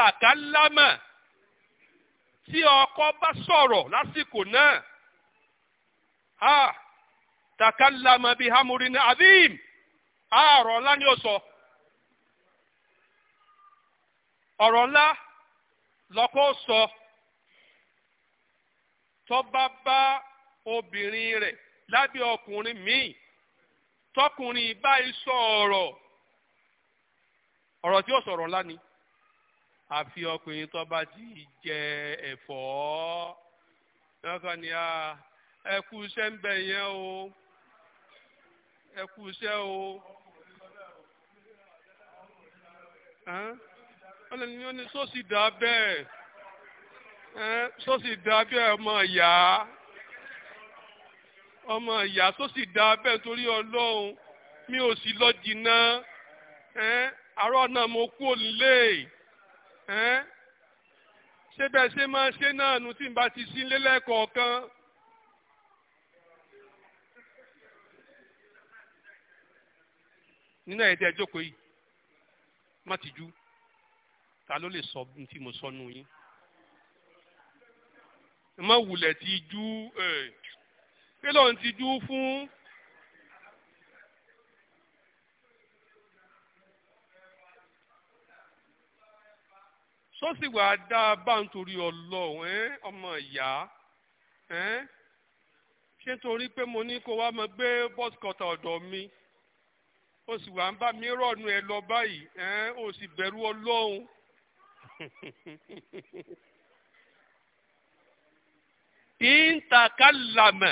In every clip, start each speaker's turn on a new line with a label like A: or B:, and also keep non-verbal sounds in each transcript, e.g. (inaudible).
A: tàkálámà tí ọkọ bá sọ̀rọ̀ lásìkò náà a tàkálámà bíi hamurin abim àárọ̀ ńlá ni ó sọ ọ̀rọ̀ ńlá lọ́kọ́ sọ tọ́ba bá obìnrin rẹ̀ lábẹ́ ọkùnrin míì tọkùnrin báyìí sọ ọ̀rọ̀ ọ̀rọ̀ tí ó sọ̀rọ̀ ńlá ni. àfi ọkùnrin tó bá ti jẹ ẹ̀fọ́ lọ́kàn ya a ẹ kú iṣẹ́ ń bẹ̀ yẹn o ẹ kú iṣẹ́ o ọlọ́ni ó ní sọ́ọ̀sì dá bẹ́ẹ̀ sọ́ọ̀sì dá bẹ́ẹ̀ ọmọ ìyá ọmọ ìyá sọ́ọ̀sì dá bẹ́ẹ̀ torí ọlọ́run mi ò sì lọ jìnnà àárọ̀ náà mo kú òlé ṣé bẹ́ẹ̀ ṣe máa ṣe náà nu tí n bá ti sí lélẹ́kọ̀ọ̀kan. nínú ẹ̀yìn tí ẹ jókòó yìí má ti jú ta ló lè sọ ohun tí mo sọ nù yín má wulẹ̀ ti jú ẹ̀ ló ń ti jú fún. sọ́sì wà á dá a bá nítorí ọlọ́run ẹ́ ọmọ ìyá ẹ́ ṣé torí pé mo ní kó wá mọ gbé bọ́ọ̀sì kọ̀tà ọ̀dọ̀ mi ó sì wà ń bá mi rọ̀nù ẹ lọ báyìí ẹ́ ó sì bẹ̀rù ọlọ́run. ìntàkàlàmà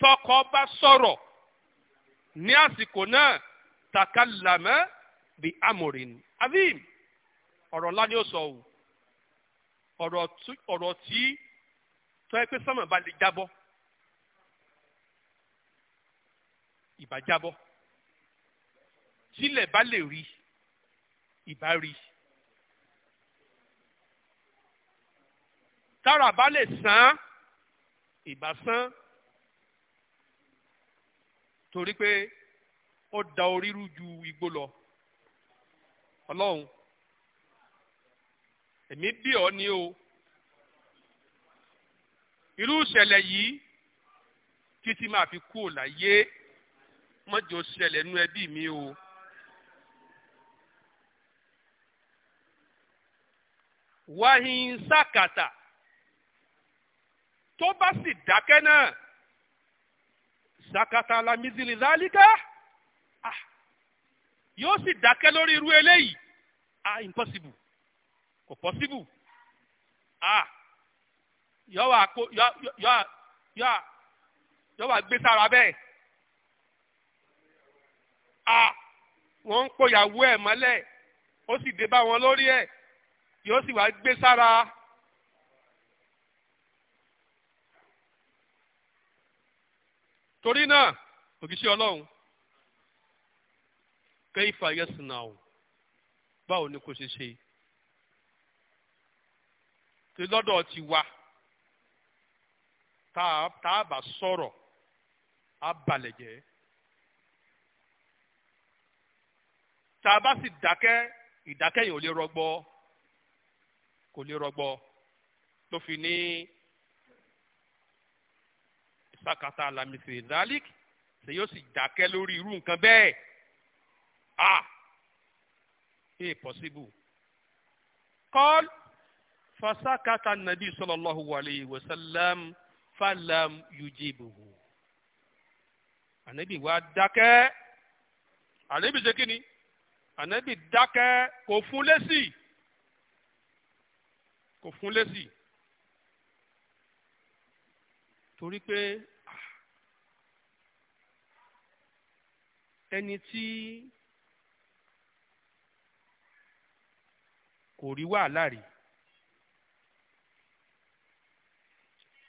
A: tọkọ bá sọ̀rọ̀ ní àsìkò náà tàkàlàmà bí amòrin abim ọ̀rọ̀ ńlá ni ó sọ o ọ̀rọ̀ tí tọ́ ẹ pé sọ́mọ̀ bá lè jábọ́ ìbá jábọ́ tílẹ̀ bá lè rí ìbá rí tára bá lè sán ìbá sán torí pé ó da orí rú ju igbó lọ ọlọ́run èmi bí ọ ni o irú ìṣẹ̀lẹ̀ yìí títí máa fi kú ò láyé mọ́jọ ṣẹlẹ̀ nú ẹbí mi o. wáhìn sákàtà tó bá sì dákẹ́ náà sákàtà alamizili lálíkà ah, yóò sì dákẹ́ lórí irú eléyìí ah impossible kò pọ́síbù ah yọ wà kó yọ yọ yọ yọ wà gbé sára bẹ́ẹ̀ ah wọ́n ń kóyàwó ẹ̀ mọ́lẹ̀ ó sì dé bá wọn lórí ẹ̀ yóò sì wá gbé sára. torí náà ògìṣẹ́ ọlọ́run kẹ́yìfà yẹ́sìn náà báwo ni kò ṣe ṣe tí lọ́dọ̀ ti wa tá a bá sọ̀rọ̀ á balẹ̀ jẹ́ tá a bá sì dákẹ́ ìdákẹ́ yìí ò lè rọgbọ kò lè rọgbọ tó fi ní ìsàkàtà alamisi zalik ṣe yóò sì dákẹ́ lórí irú nǹkan bẹ́ẹ̀ ah impossible. Hey, call fasakata nabi sallallahu alayhi wa sallam falam yujibuhu anabi wa dákẹ́ anabi ṣe kíni anabi dákẹ́ kò fún lésì kò fún lésì torí pé ẹni tí kò rí wàhálà rí.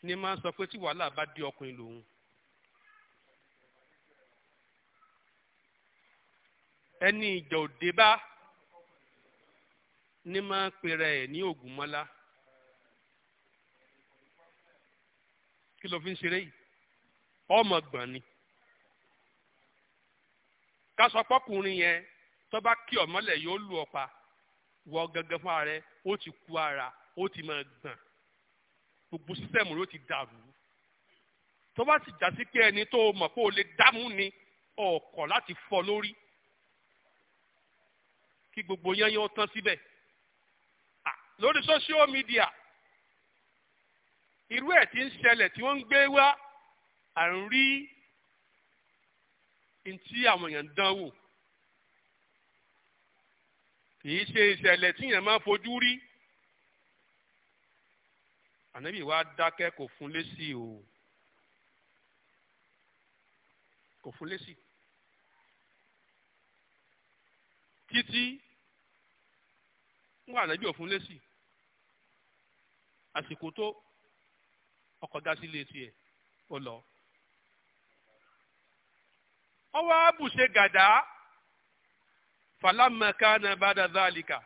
A: ni máa ń sọ pé tí wàhálà bá dé ọkùnrin lòun. ẹni ìjà òde bá ní máa ń pera ẹ̀ ní Ògúnmọ́lá. kí ló fi ń ṣeré yìí ọmọ gbọ̀n ni ká pọ́kùnrin yẹn tó bá kí ọmọlẹ̀ yóò lù ọ́ pa wọ gẹ́gẹ́ fún ààrẹ ó ti kú ara ó ti máa gbọ̀n gbogbo sísẹ̀mù ló ti dàrú tó bá sì jásí pé ẹni tó mọ̀ pé o lè dámú ni ọ̀kọ̀ láti fọ́ lórí kí gbogbo yẹn ó tán síbẹ̀ lórí social media irú ẹ̀ tí ń ṣẹlẹ̀ tí wọ́n ń gbé wá à ń rí n tí àwọn èèyàn dán wò kì í ṣe ìṣẹ̀lẹ̀ tí èèyàn máa fojú rí ànábì wa dákẹ́ kò fún lésì o kò fún lésì títí ń wà ànábì ò fún lésì àsìkò tó ọkọ̀ dá sílé tiẹ̀ ó lọ. ọwọ́ àbùṣe gàdá falamma kana bada dhalika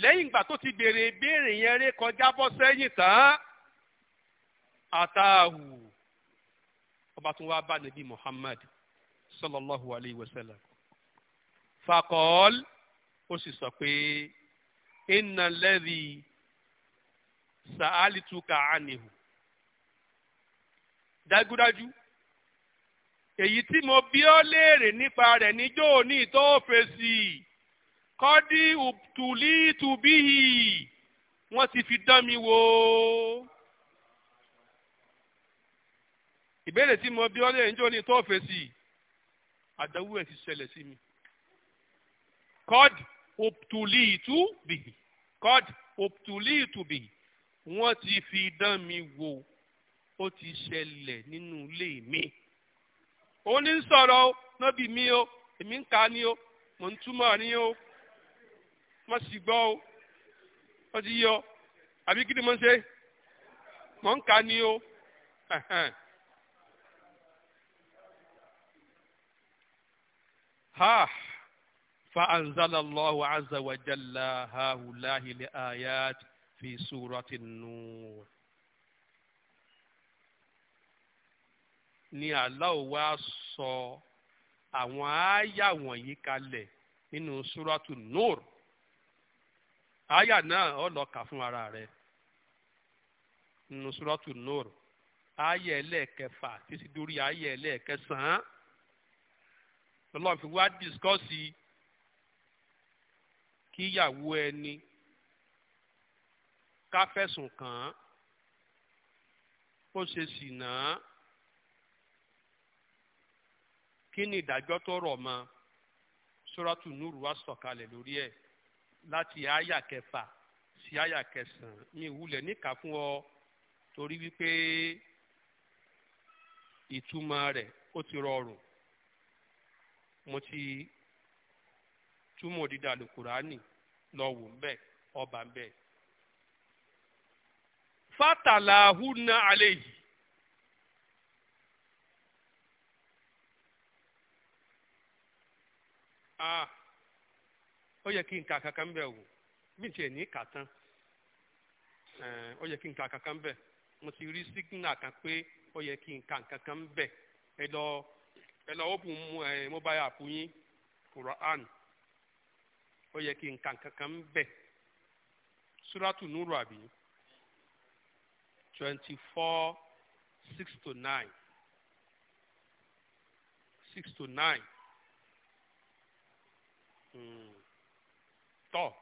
A: lẹ́yìn ìgbà tó ti béèrè ìbéèrè yẹn ré kọjá bọ́ sẹ́yìn tán àtàwù ọba tó wá bá nàbí Muhammad sallallahu alayhi wa sallam fakọ́ọ́l ó sì sọ pé inna alladhi sa'alituka anhu dájúdájú èyí tí mo bi ọ́ léèrè nípa rẹ̀ níjọ́ òní tó fèsì kọ́dí tùlí tùbíhì wọ́n ti fi dán mi wò ó. ìbéèrè tí mo bí ọ́ lè ń jó ní tó fèsì àdánwò ẹ̀ ti ṣẹlẹ̀ sí mi. kọ́d òptùlì ìtú bìhì kọ́d òptùlì ìtú bìhì wọ́n ti fi dán mi wò ó ti ṣẹlẹ̀ nínú ilé mi. ó ní sọ̀rọ̀ nábì mi o èmi ń ka ni o mò ń túmọ̀ ni o má sì gbọ́ o ó ti yọ àbí kí ni mo ń ṣe mò ń kà ni o. ها فأنزل الله عز وجل هؤلاء الآيات في سورة النور ni Allah wá sọ àwọn àáyà wọ̀nyí kalẹ̀ nínú súrọ́tù Nur àyà náà ọ lọ kà fún ara rẹ nínú sùrọ́tù nùr àyà ẹlẹ́ẹ̀kẹfà títí dórí àyà ẹlẹ́ẹ̀kẹsàn-án lọ́lọ́run fi wá dìskọ́sì kíyàwó ẹni ká fẹ̀sùn kàn án ó ṣe sì náà kí ni ìdájọ́ tó rọ̀ mọ́ sùrọ́tù nùr wá sọ̀kalẹ̀ lórí ẹ̀. láti àyà kẹfà sí àyà kẹsàn-án ní ìwúlẹ̀ níkà fún ọ torí wípé ìtumọ̀ rẹ̀ ó ti rọrùn mo ti túmọ̀ dídá lùkùránì lọ wò ń bẹ̀ ọba ń bẹ̀. fátàlà húnà alẹ́ yìí ah ó yẹ kí n kà kankan bẹ́ẹ̀ wò mí tiẹ̀ ní kà tán ó yẹ kí n kà kankan bẹ́ẹ̀ mo ti rí sígínà kan pé ó yẹ kí n kà kankan bẹ́ẹ̀ ẹ lọ ẹ lọ open mobile app yín Quran ó yẹ kí n kà kankan bẹ́ẹ̀ suratu nuru àbí twenty four six to nine six to nine. Mm. tọ̀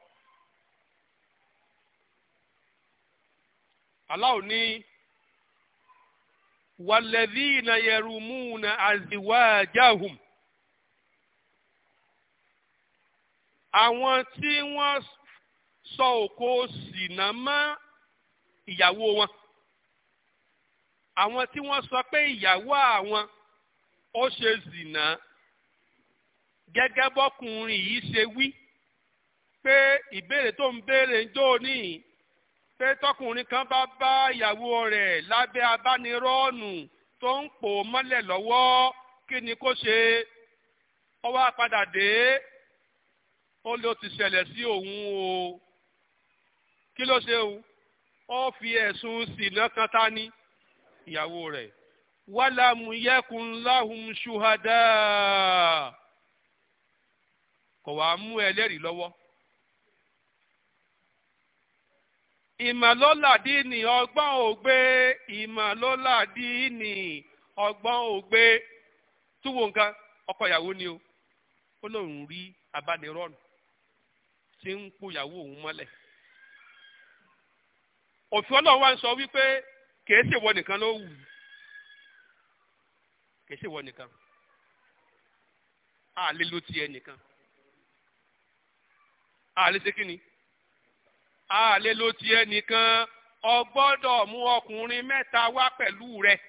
A: Allah ní walladhina yarumuna azwajahum àwọn tí wọ́n sọ òkò ṣìnà mọ́ ìyàwó wọn àwọn tí wọ́n sọ pé ìyàwó àwọn ó ṣe zìnà gẹ́gẹ́ bọ́kùnrin yìí ṣe wí pé ìbéèrè tó ń béèrè ń jó ní pé tọkùnrin kan bá bá ìyàwó rẹ lábẹ́ abánirọ́ọ̀nù tó ń pò mọ́lẹ̀ lọ́wọ́ kí ni kó ṣe wá padà dé o kí ló ṣe o ó fi kan ta ìyàwó wàlámù yẹkùn láhùn ìmọ̀lọ́là díìnì ọgbọ́n ògbé ìmọ̀lọ́là díìnì ọgbọ́n ògbé túwò nǹkan ọkọ ìyàwó ni o ó lóun rí abánirọ́ọ̀nù tí ń po ìyàwó òun mọ́lẹ̀ òfin wá sọ wípé kìí ṣèwọ nìkan ló wù ṣèwọ nìkan nìkan àlè ló ti ẹnìkan ọ gbọ́dọ̀ mú ọkùnrin mẹ́ta wá pẹ̀lú rẹ̀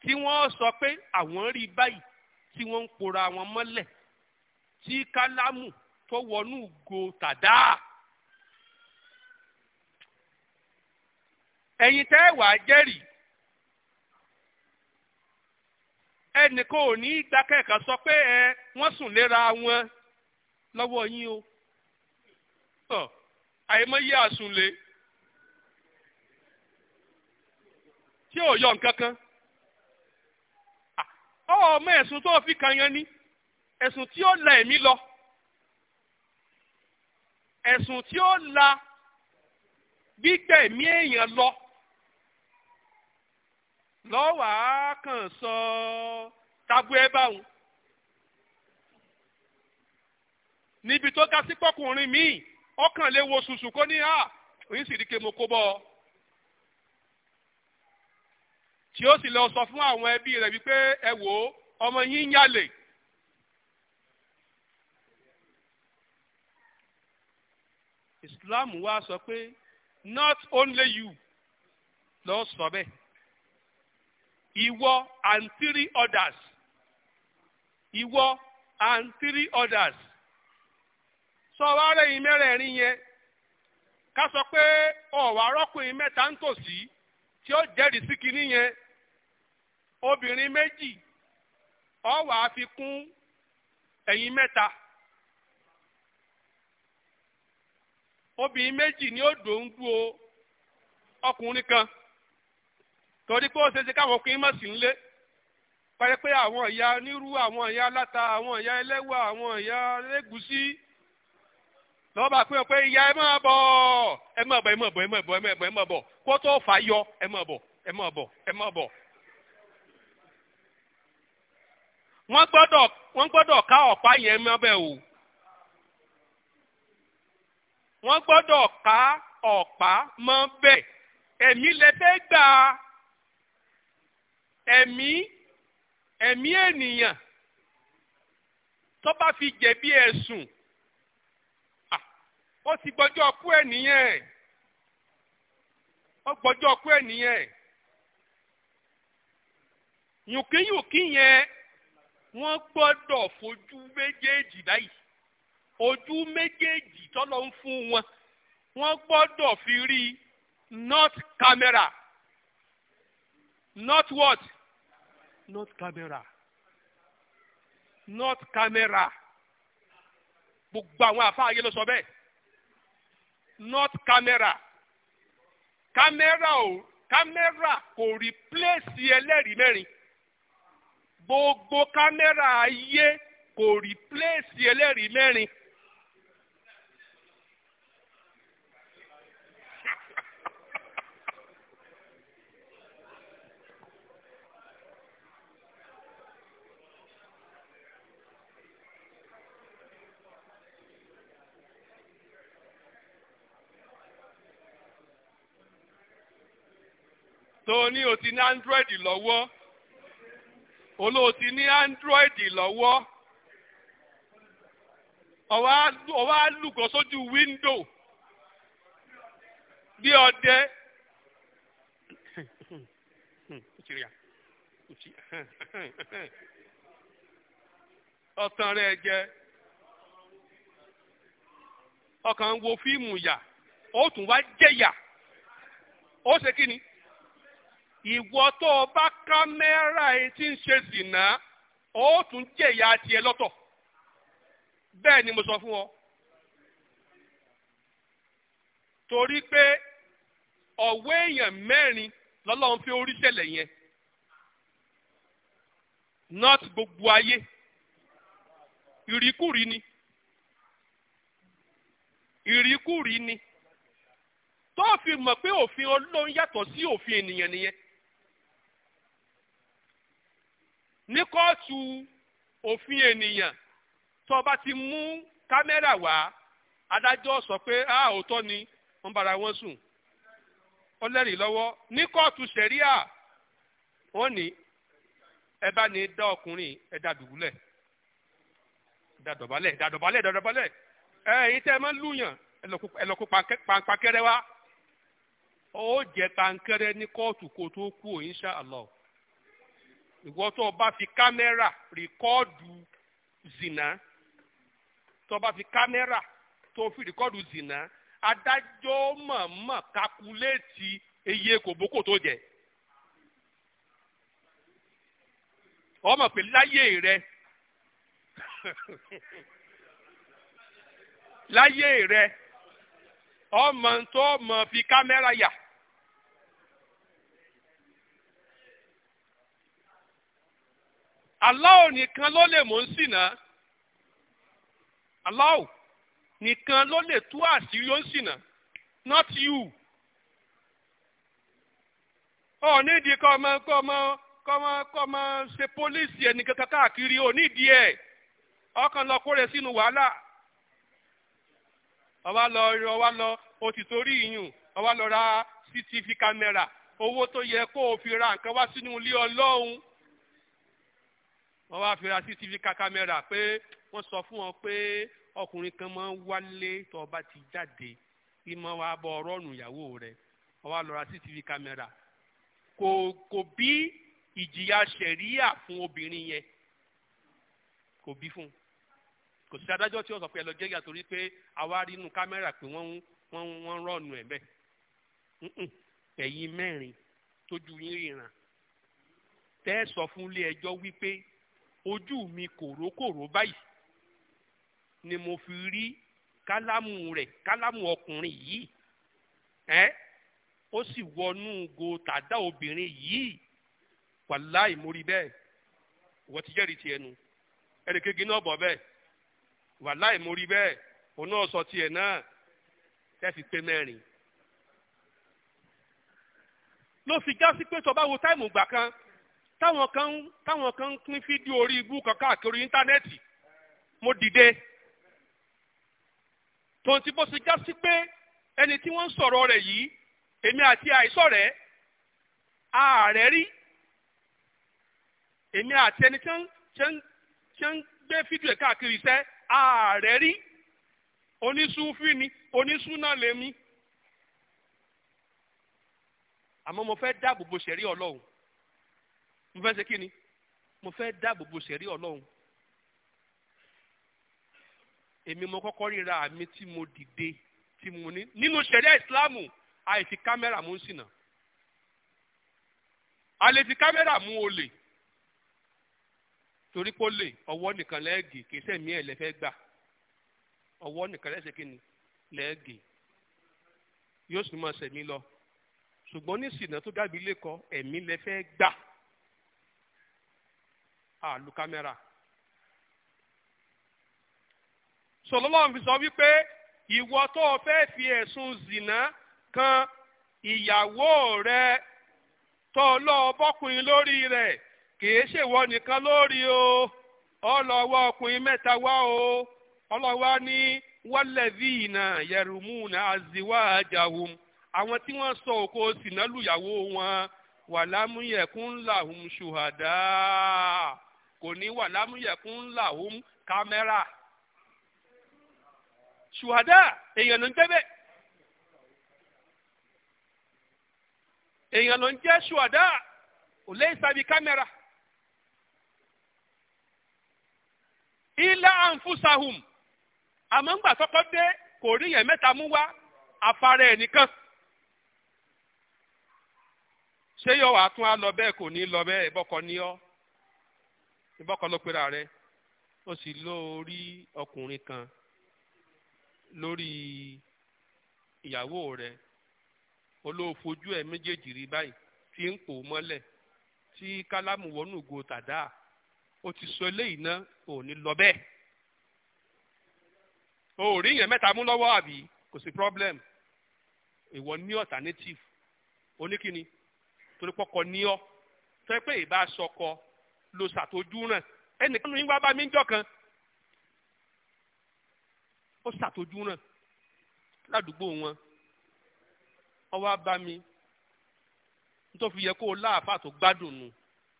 A: tí wọ́n sọ pé àwọn rí báyìí tí wọ́n ń pora wọn mọ́lẹ̀ tí kálámù tó wọnú go tàdá. ẹ̀yin tẹ́ wà á jẹ́rìí ẹnìkan ò ní dákẹ́ẹ̀kan sọ pé ẹ wọ́n sùn léra wọn lọ́wọ́ yín o pásítọ̀ àìmọye àsùnlé tí ò yọ nǹkan kan ah, ọmọ ẹ̀sùn tó fi kan yẹn ni ẹ̀sùn tí ó la ẹ̀mí lọ ẹ̀sùn tí ó la gbígbẹ̀mí èèyàn lọ lọ́wàá kàn sọ tabu ẹ báwọn níbi tó ga sí pọ́kùnrin míì ọkàn lè wo sùsù kó ní à ah, òyìn sì rí ké mo kó bọ́ ọ. tí ó sì lọ sọ fún àwọn ẹbí rẹ̀ wípé ẹ wò ó ọmọ yín ń yàlè. Islam wá sọ pé not only you lọ sọ bẹ́ẹ̀ ìwọ and three others ìwọ and three others. sọ wá rẹ̀yìn mẹ́rẹ̀ẹ̀rin yẹn ká sọ pé ọ̀wà arọ́kùnrin mẹ́ta ń tòsí tí ó jẹ́rìí sí kinní yẹn obìnrin méjì ọ̀wà fi kún mẹ́ta obìnrin méjì ni ó dúró ọkùnrin kan torí pé ó ṣe káwọn ọkùnrin mọ̀ sí ń lé àwọn ìyá onírú àwọn ìyá aláta àwọn ìyá àwọn lọ́wọ́ bá pín ọ pé ìyá ẹ máa bọ̀ ẹ máa bọ̀ ẹ máa bọ̀ ẹ máa bọ̀ ẹ máa bọ̀ ẹ máa bọ̀ kó tó fà yọ ẹ máa bọ̀ ẹ máa bọ̀ ẹ máa bọ̀. wọ́n gbọ́dọ̀ wọ́n gbọ́dọ̀ ká ọ̀pá yẹn mọ́ bẹ́ẹ̀ o wọ́n gbọ́dọ̀ ká ọ̀pá mọ́ bẹ́ẹ̀ ẹ̀mí lẹ fẹ́ gbà ẹ̀mí ẹ̀mí ènìyàn tó bá fi jẹ̀bi ẹ̀sùn ó ti gbọ́jọ́ ọkú ẹ̀ nìyẹn ó gbọ́jọ́ ọkú ẹ̀ nìyẹn yùnkíyùnkí yẹn wọ́n gbọ́dọ̀ fojú méjèèjì báyìí ojú méjèèjì tọ́lọ́ ń fún wọn wọ́n gbọ́dọ̀ fi rí not camera not what not camera not camera gbogbo àwọn àfáàyè ló sọ bẹ́ẹ̀ not camera camera o camera kò replace ẹlẹ́rìí mẹ́rin gbogbo camera ayé kò replace ẹlẹ́rìí mẹ́rin. tó ní o ti ní android lọ́wọ́ olóò ti ní android lọ́wọ́ ọwọ́ á lùgọ́ sójú window bí ọdẹ ọ̀tàn rẹ̀ jẹ ọkàn wo fíìmù yà ó tún wá jẹ̀yà ó ṣe kí ni ìwọ tó o bá kámẹ́rà ẹ tí ń ṣe sìnà ó tún jẹ̀yà tiẹ̀ lọ́tọ̀ bẹ́ẹ̀ ni mo sọ fún ọ torí pé ọ̀wọ́ èèyàn mẹ́rin lọ́lọ́run fi orí ṣẹlẹ̀ yẹn not gbogbo ayé ìríkùrí ni ìríkùrí ni tó fi mọ̀ pé òfin Ọlọ́run yàtọ̀ sí òfin ènìyàn nìyẹn ní kóòtù òfin ènìyàn tó bá ti mú kámẹ́rà wá adájọ́ sọ pé a òótọ́ ni wọ́n bára wọn sùn ó lẹ́rìí lọ́wọ́ ní kóòtù sẹ̀ríà wọ́n ní ẹ bá ní dá ọkùnrin ẹ dá dùbúlẹ̀ dá dọ̀bálẹ̀ dá dọ̀bálẹ̀ dá dọ̀bálẹ̀ ẹ èyí tẹ́ ẹ máa ń lùyàn ẹ lọ kó wá ó jẹ pankẹ́rẹ́ ní kóòtù kó tó kú insha Allah ìwọ tó o bá fi kámẹ́rà rìkọ́ọ̀dù zìnà tó o bá fi kámẹ́rà tó o fi rìkọ́ọ̀dù zìnà adájọ́ mọ̀ọ́mọ̀ kakuléètì iye kòbókò tó jẹ. ọmọ pé láyé rẹ (laughs) láyé rẹ ọmọ tó mọ̀ fi kámẹ́rà yà. Allah nìkan ló lè mò ń ṣìnà Allah nìkan ló lè tú àṣírí ó ń ṣìnà not you. ọ nídìí kọ́ ọmọ kọ́ ọmọ kọ́ ọmọ kọ́ ọmọ ṣe pólíìsì ẹnìkankan káàkiri ò nídìí ẹ̀ ọkàn lọ kó rẹ sínú wàhálà ọwá lọ ọwá lọ o ti torí ìyún ọwá lọ ra CCTV kámẹ́rà owó tó yẹ kó o fi ra nǹkan wá sínú ilé ọlọ́run wọ́n wá fi ra cctv kámẹ́rà pé wọ́n sọ fún wọn pé ọkùnrin kan máa ń wálé tó ọba ti jáde kí máa wá bọ ọrọ́ọ̀nù ìyàwó rẹ̀ wọ́n wá lọ ra cctv kámẹ́rà kò kò bí ìjìyà ṣẹ̀ríyà fún obìnrin yẹn kò bí fún kò sí adájọ́ tí wọ́n sọ pé ẹ lọ jẹ́ yàtọ̀ rí pé àwa rí inú kámẹ́rà pé wọ́n wọ́n wọ́n rọ̀nù ẹ̀ bẹ́ẹ̀ ẹ̀yin mẹ́rin tójú yín ríran tẹ́ ẹ sọ fún ilé ẹjọ́ wípé ojú mi kòrókòró báyìí ni mo fi rí kálámù rẹ̀ kálámù ọkùnrin yìí ẹ́ ó sì wọnú go tàdá obìnrin yìí wàláì mórí bẹ́ẹ̀ wọ́n ti jẹ́rìí tiẹ̀ nu ẹnì kejì náà bọ̀ bẹ́ẹ̀ wàláì mórí bẹ́ẹ̀ òun náà sọ tiẹ̀ náà tẹ́sí pé mẹ́rin ló fi já sí pé tó wo táìmù gbà kan táwọn kan táwọn kan ń pín fídíò orí ibú kan káàkiri íńtánẹ́ẹ̀tì mo dìde tòun ti bó ṣe já sí pé ẹni tí wọ́n ń sọ̀rọ̀ rẹ̀ yìí èmi àti àìsọ̀rẹ́ ààrẹ rí èmi àti ẹni tí wọ́n ń gbé fídíò ẹ̀ káàkiri iṣẹ́ ààrẹ rí onísúfì ni onísúná lèmi àmọ́ mo fẹ́ dáàbò bo ṣẹ̀rí ọlọ́run mo fẹ́ ṣe kí ni mo fẹ́ dáàbò bo ṣẹ̀rí ọlọ́run èmi mo kọ́kọ́ ríra mi tí mo dìde tí mo ní nínú ṣẹ̀rí ìsìláàmù àìfi kámẹ́rà mú ṣìnà a lè fi kámẹ́rà mú olè torí pé olè ọwọ́ nìkan lẹ́ẹ̀gì kì í sẹ́mi ẹ̀ lẹ́fẹ́ gbà ọwọ́ nìkan lẹ́sẹ̀ kí ni lẹ́ẹ̀gì yóò sì máa ṣẹ̀mí lọ ṣùgbọ́n ní ṣìnà tó dàbí lẹ́kọ̀ọ́ ẹ̀mí lẹ́fẹ́ gbà. àlù kamẹra sọlọ́lọ́run fi sọ wípé ìwọ tó o fẹ́ fi ẹ̀sùn zìnà kan ìyàwó rẹ tó o lọ bọ́kùnrin lórí rẹ̀ kìí ṣèwọ nìkan lórí o ọlọ́wọ́ ọkùnrin mẹ́ta wá o ọlọ́wọ́ ní wọ́lẹ̀dínà yẹ̀rùmúnà àzíwájáhùn àwọn tí wọ́n sọ òkò sìnà lùyàwó wọn wàlámúyẹ̀kún làhùn ṣùhàdá. kò ní wà lámúyẹ̀kún làhùn kámẹ́rà ṣùhádà èèyàn ló ń jẹ́ bẹ́ẹ̀ èèyàn ló ń jẹ́ ṣùhádà ò lè sábì kámẹ́rà ilá àǹfùsàhùn àmọ́ ń gbà dé kò rí yẹn mẹ́ta mú wá afárá nìkan ṣé kò ní lọ bẹ́ẹ̀ bọ́kọ ìbọ́kọ ló pera rẹ̀ ó sì lórí ọkùnrin kan lórí ìyàwó rẹ̀ olóòfojú ẹ̀ méjèèjì rí báyìí fi ń pò mọ́lẹ̀ tí kálámù wọnú ògo tàdá ó ti sọ eléyìí náà ò lọ bẹ́ẹ̀ o ò rí yẹn mẹ́ta mú lọ́wọ́ àbí kò sí problem ìwọ ní alternative oníkíni torí pọ́kọ ní ọ fẹ́ pé ìbá sọkọ lo ṣàtọ́jú ràn ẹnìkan nínú yín wá bá mi ń jọ kan ó ṣàtọ́jú ràn ládùúgbò wọn ó wá bá mi nítorí fi yẹ kó o láàfáà tó gbádùn nù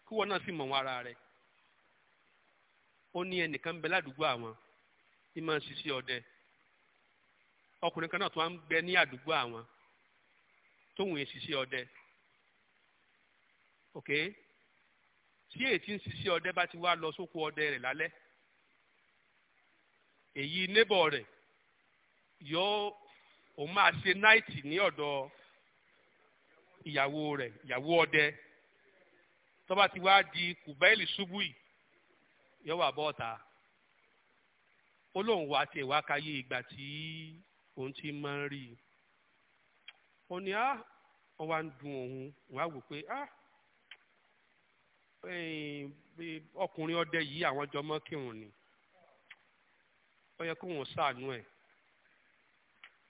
A: kí wọn náà sì mọ̀ wọn ara rẹ̀ ó ní ẹnìkan bẹ ládùúgbò àwọn máa ń ṣiṣẹ́ ọdẹ ọkùnrin kan náà tó wá ń bẹ ní àdúgbò àwọn tóun yẹn ṣiṣẹ́ ọdẹ okay tí ètí ń ṣiṣẹ́ ọdẹ bá ti wá lọ sóko ọdẹ rẹ̀ lálẹ́ èyí nébọ̀ rẹ̀ yóò òun máa ṣe náìtì ní ọ̀dọ̀ ìyàwó rẹ̀ ìyàwó ọdẹ tó bá ti wá di kùbẹ́ẹ̀lì ṣubú yìí yóò wà bọ́ọ̀ta ó lóun wá tiẹ̀ wá káyé ìgbà tí òun ti máa ń rí i ó ní á ah! wá ń dun òun wọ́n wò pé Ah, ọkùnrin ọdẹ yìí àwọn jọmọ kírun ni ó yẹ kó wọn ṣàánú ẹ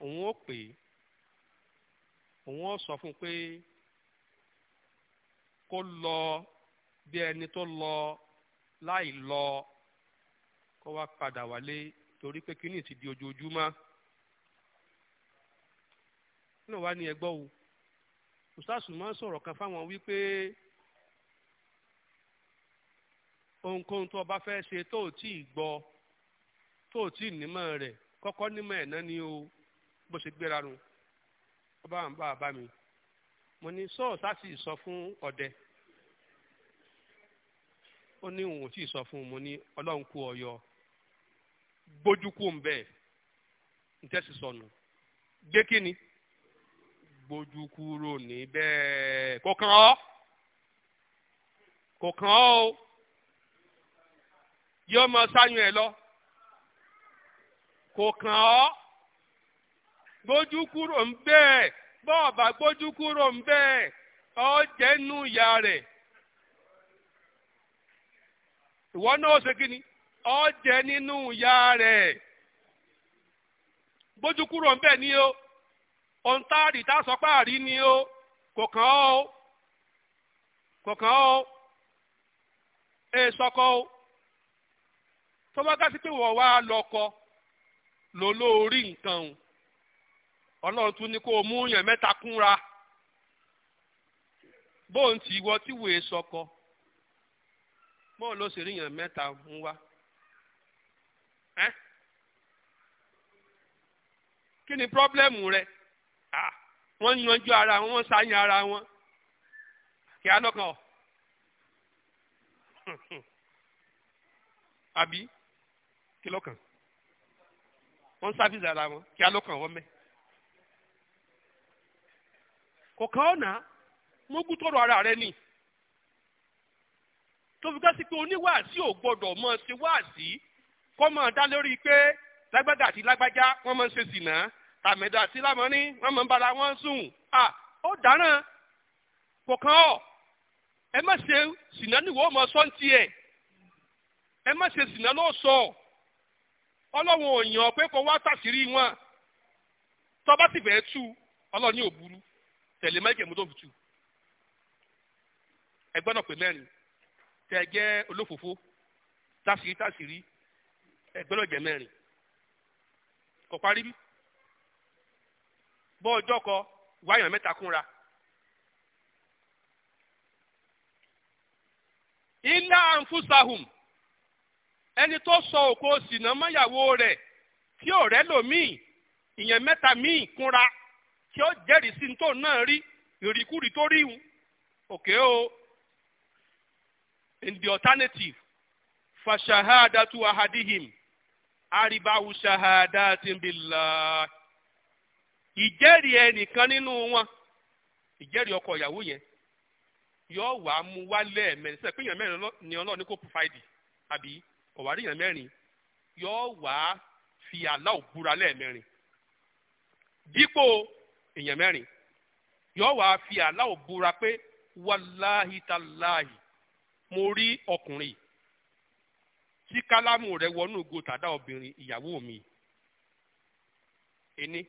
A: òun ó pè é òun ó sọ fún pé kó lọ bí ẹni tó lọ láì lọ kó wá padà wálé torí pé kíní ti di ojoojúmọ́ nínú wa ni ẹ gbọ́ o sọ̀rọ̀ kan fáwọn wípé ohunkóhun tó o bá fẹ́ ṣe tó o tí ì gbọ́ tó o tí ì nímọ̀ rẹ̀ kọ́kọ́ nímọ̀ ẹ̀ náà ni o bó ṣe gbéra nu ọba àwọn bá bá mi mo ní sọ́ọ̀sá sì sọ fún ọdẹ ó ní òun ò tí ì sọ fún un mo ní ọlọ́run kú ọyọ gbójú kú ń bẹ́ẹ̀ ń tẹ́sí sọnù gbé kíni gbójú kúrò níbẹ̀ kò kàn ọ́ kò kàn ọ́ o yóò mọ sáyún ẹ lọ kò kàn ọ́ gbójú kúrò ń bẹ́ẹ̀ bọ́ọ̀bà gbójú kúrò ń bẹ́ẹ̀ ọ́ jẹ́nu ìyá rẹ̀ ìwọ náà ṣe kí ni ọ́ jẹ́ nínú ìyá rẹ̀ gbójú kúrò ń bẹ́ẹ̀ ni o ohun tá a rí tá a sọ pé àrí ni o kò kàn ọ́ kò kàn ọ́ èè sọkọ o tó bá ká sí pé wọ́n wá lọ́kọ lò lórí nǹkan o ọlọ́run tún ní kó o mú yàn mẹ́ta kúnra bóun ti wọ tí wòye sọkọ bóun ló sì rí yàn mẹ́ta mú wá ẹ́ kí ni pírọ́blẹ́mù rẹ wọ́n yanjú ara wọn wọ́n ń ara wọn kí á lọ́kàn ọ̀ (laughs) àbí kí ló kàn wọ́n ń sáfìsì ara wọn kí á ló kàn wọ́n mẹ́. kò kàn ọ́ nà mo kú tọrọ ara rẹ ni tó fi ká sí pé oníwàásí ò gbọdọ̀ mọ̀ ṣe wáàsí kọ́ mọ̀ dá lórí pé lágbájá àti lágbájá wọ́n mọ̀ ṣe sìnà tàmẹ̀dọ̀ àti lámọ́ní wọ́n mọ̀ bára wọn sùn à ó dáràn kò kàn ọ́ ẹ má ṣe sìnà níwọ̀ ọmọ sọ́ǹtì ẹ̀ ẹ má ṣe sìnà lọ́sọ̀ọ́. ọlọ́run òyìn yàn pé wá tàṣírí wọn tó bá sì fẹ́ẹ́ tú ọlọ́run yóò burú tẹ̀lé mẹ́jẹ̀mú tó fi tú ẹgbẹ́ náà pè mẹ́rin tẹ̀ jẹ́ olófòfó tàṣírí tàṣírí ẹgbẹ́ náà jẹ́ mẹ́rin kò parí bí bọ́ ọjọ́ kọ wáyàn mẹ́ta kúnra. ilá anfusahum ẹni tó sọ òkò sìnà mọ́yàwó rẹ̀ tí ò rẹ́ lòmíì ìyẹn mẹ́ta míì kúnra tí ó jẹ́rìí sí tó náà rí ìrìkúrì tó rí òun òkè o in the alternative fàṣàhádàtú ahadihim àríbáwù ṣàhádàtí billah ìjẹ́rìí ẹnìkan nínú wọn ìjẹ́rìí ọkọ ìyàwó yẹn yóò wàá mú wálé ẹ̀mẹ́rin sẹ́ẹ̀ pé èèyàn mẹ́rin ni ọlọ́ọ̀ni kò pòfáìdì àbí kò wá rí èèyàn mẹ́rin yóò wá fi aláwọ̀ búra lẹ́ẹ̀mẹ́rin dípò èèyàn mẹ́rin yóò wá fi aláwọ̀ búra pé wàláhi tàláhi mo rí ọkùnrin tí kálámù rẹ̀ wọnú ògo tàdá obìnrin ìyàwó mi ẹni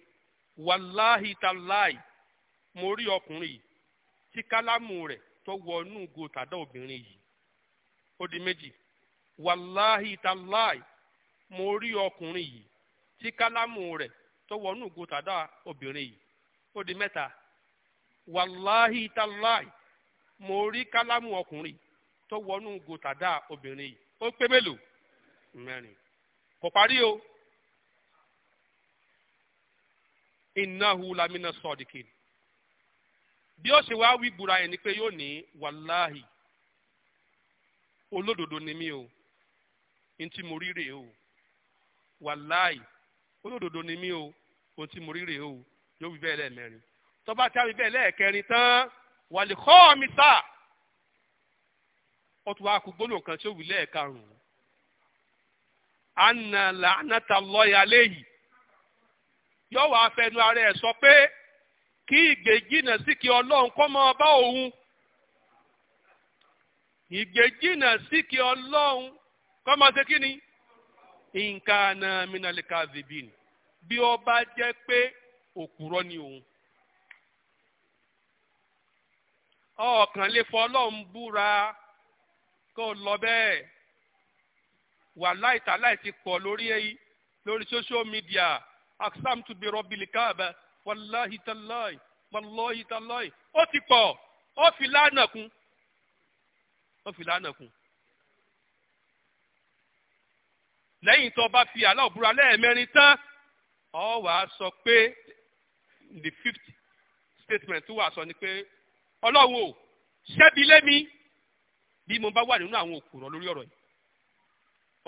A: wàláhi tàláhi mo rí ọkùnrin tí kálámù rẹ̀ tó wọnú ògo tàdá obìnrin yìí ó di méjì wàláhì tàláì mo rí ọkùnrin yìí tí kálámù rẹ tó wọnú ìgò tàdá obìnrin yìí ó di mẹ́ta wàláhì tàláì mo rí kálámù ọkùnrin tó wọnú ìgò tàdá obìnrin yìí ó pé mélòó mẹ́rin kò parí o innahu lamina sadiqin bí ó ṣe wá wí búra yẹn ni pé yóò ní wàláhì olódodo ni mí o ntí mo rí rèé o wàláì olódodo ni mí o ohun tí mo rí rèé o yóò wí bẹ́ẹ̀ lẹ́ẹ̀mẹ́rin tó bá ti á wí bẹ́ẹ̀ lẹ́ẹ̀kẹrin tán wàlíkọ́ mi sá ó tún wá kú gbólóhùn kan tí ó wí lẹ́ẹ̀karùn-ún anna làánàtà lọ́ọ̀yà léyìí yóò wá fẹnu ara ẹ̀ sọ pé kí ìgbèjìnà sí kí ọlọ́run kọ́ máa bá òun ìgbèjìnà sí kí ọlọ́run kọ́ máa ṣe kí ni nǹkan náà mínàlíkà zibin bí ó bá jẹ́ pé òkúrọ́ ni òun. ọ̀kan lè fọ ọlọ́run búra kó lọ bẹ́ẹ̀ wà láìta láìsí pọ̀ lórí èyí lórí social media aksam tún bẹ̀rọ bìlìkàbà wàláhi tàláì wàláhi tàláì ó ti pọ̀ ó fi lánàkún ó fi lánàkún. lẹ́yìn tó bá fi Allah búra lẹ́ẹ̀mẹ́rin tán ọ wà á sọ pé the fifth statement tó wà sọ ni pé ọlọ́run ò ṣẹ́bi lémi bí mo bá wà nínú àwọn òkùnrán lórí ọ̀rọ̀ yìí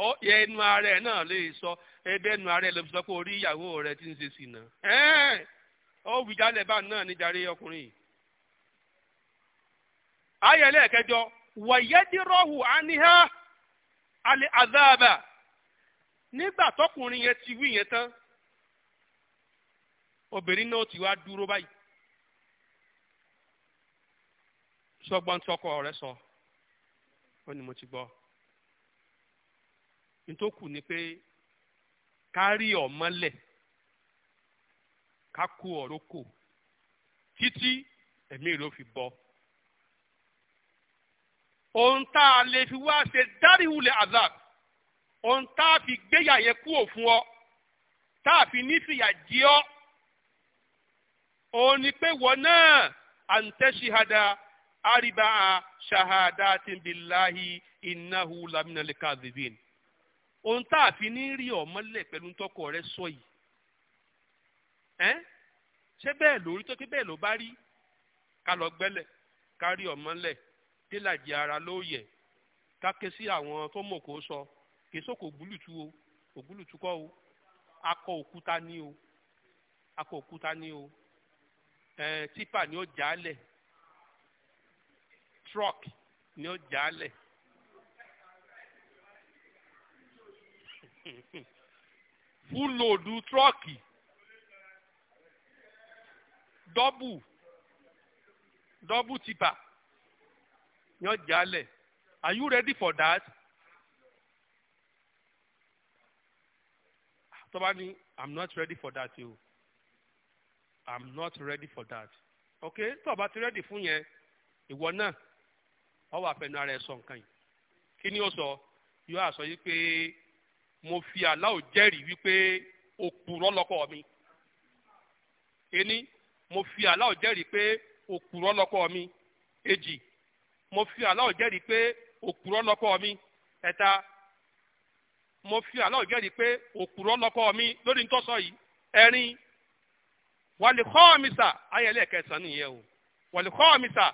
A: ọ ẹnu ara ẹ náà lè sọ ẹbẹ ẹnu ara ẹ lọ sọ pé orí ìyàwó rẹ ti ń ṣe sí iná ọ wí jálẹ̀ bá náà níjàre ọkùnrin yìí. ayẹlẹ kẹjọ wọ̀yẹ́dìrọ̀hù àníhá alẹ́ àdáàbà. nígbà tọkùnrin yẹn ti wí yẹn tán obìnrin náà ti wá dúró báyìí sọgbọn tí ọkọ rẹ sọ ó ní mo ti gbọ́ nítòkù ni pé kárí ọmọlẹ ká kó kò títí ẹ̀mí rẹ ó fi bọ́ ohun tá a lè fi wá ṣe dáríwulẹ̀ azab ohun tá a fi gbéyà yẹn kúrò fún ọ tá a fi nífìyà jí ọ òun ni pé wọ́n náà àǹtẹ́síhada àríbá ṣahadatin billahi innahu laminal kadhibin ohun tá a fi ní rí ọmọlẹ̀ pẹ̀lú tọkọ rẹ sọ yìí ẹ́ ṣé bẹ́ẹ̀ lórí tó kí bẹ́ẹ̀ ló bá rí ká lọ gbẹ́lẹ̀ ká rí ọmọlẹ̀ délàjì ara lóòyẹ̀ ká ké sí àwọn tó mọ̀ kó sọ. So kì í sọ kò gbúlùtù o kò gbúlùtù kọ́ o akọ òkúta ní o akọ òkúta ní o ẹ tipa ni ó jálẹ̀ truck ni ó jálẹ̀ (laughs) full load truck Double, double tipa ni ó jálẹ̀ are you ready for that? tó bá ní i'm not ready for that o i'm not ready for that ok tó o bá ti ready fún yẹn ìwọ náà ọ wà fẹnu ara ẹ sọ nǹkan yìí kí ni ó sọ yóò sọ yìí pé mo fi aláwọ jẹ́rìí wípé òpùrọ́ lọ́kọ mi ení mo fi aláwọ jẹ́rìí pé òpùrọ́ lọ́kọ mi èjì mo fi aláwọ jẹ́rìí pé òpùrọ́ lọ́kọ mi ẹ̀ta mo fi Allah jẹ́rìí pé òpùrọ́ lọ́kọ mi lórí ntọ́sọ yìí ẹ̀rin yi mi sà ayẹlẹ́ kẹsàn-án nìyẹn o wàlíkọ́ mi sà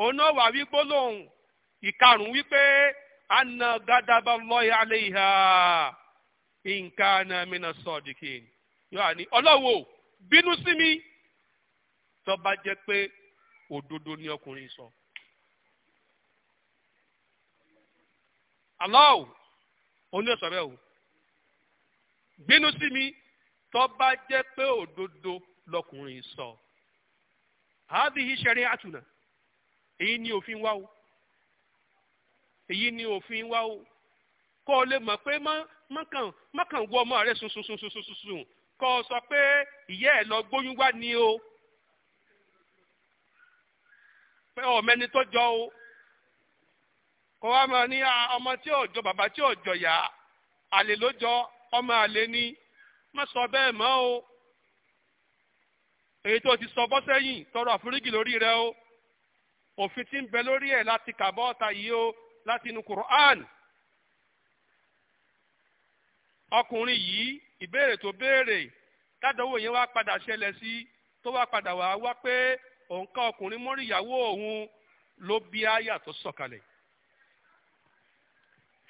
A: òun náà wà wí gbólóhùn ìkarùn wípé anna gàdàbà lọ́yà aléyà nǹkan náà mi náà sọ ọ̀dìkì yóò àní ọlọ́wọ́ bínú sí mi tó jẹ́ pé òdodo ni ọkùnrin sọ. Allah òun yóò sọ bẹ́ẹ̀ o gbénú sí mi tó bá jẹ́ pé òdodo lọkùnrin sọ hádìí ṣẹ̀rí àtùnà èyí ni òfin wá o èyí ni òfin wá o kó o lè mọ̀ pé mọ́kàn mọ́kàn wọ ọmọ rẹ sunsunsunsunsunsun kó o sọ pé ìyá ẹ̀ lọ gbóyún wá ni o pé ọ̀mẹ́ni tó jọ o kó wá máa ní ah, ọmọ tí ò jọ bàbá tí ò jọ yá àlè ló jọ ọmọ àlè ni má sọ bẹ́ẹ̀ mọ́ o èyí tó ti sọ bọ́ sẹ́yìn tọrọ àforíjì lórí rẹ o òfin tí ń bẹ lórí ẹ̀ láti kàbọ́ ọ̀tá yìí o láti inú Qur'an ọkùnrin yìí ìbéèrè tó béèrè ládọ́wọ́ yẹn wá padà ṣẹlẹ̀ sí tó wá padà wá wá pé òǹkà ọkùnrin mọ́rí òun ló bí àyà tó sọ̀kalẹ̀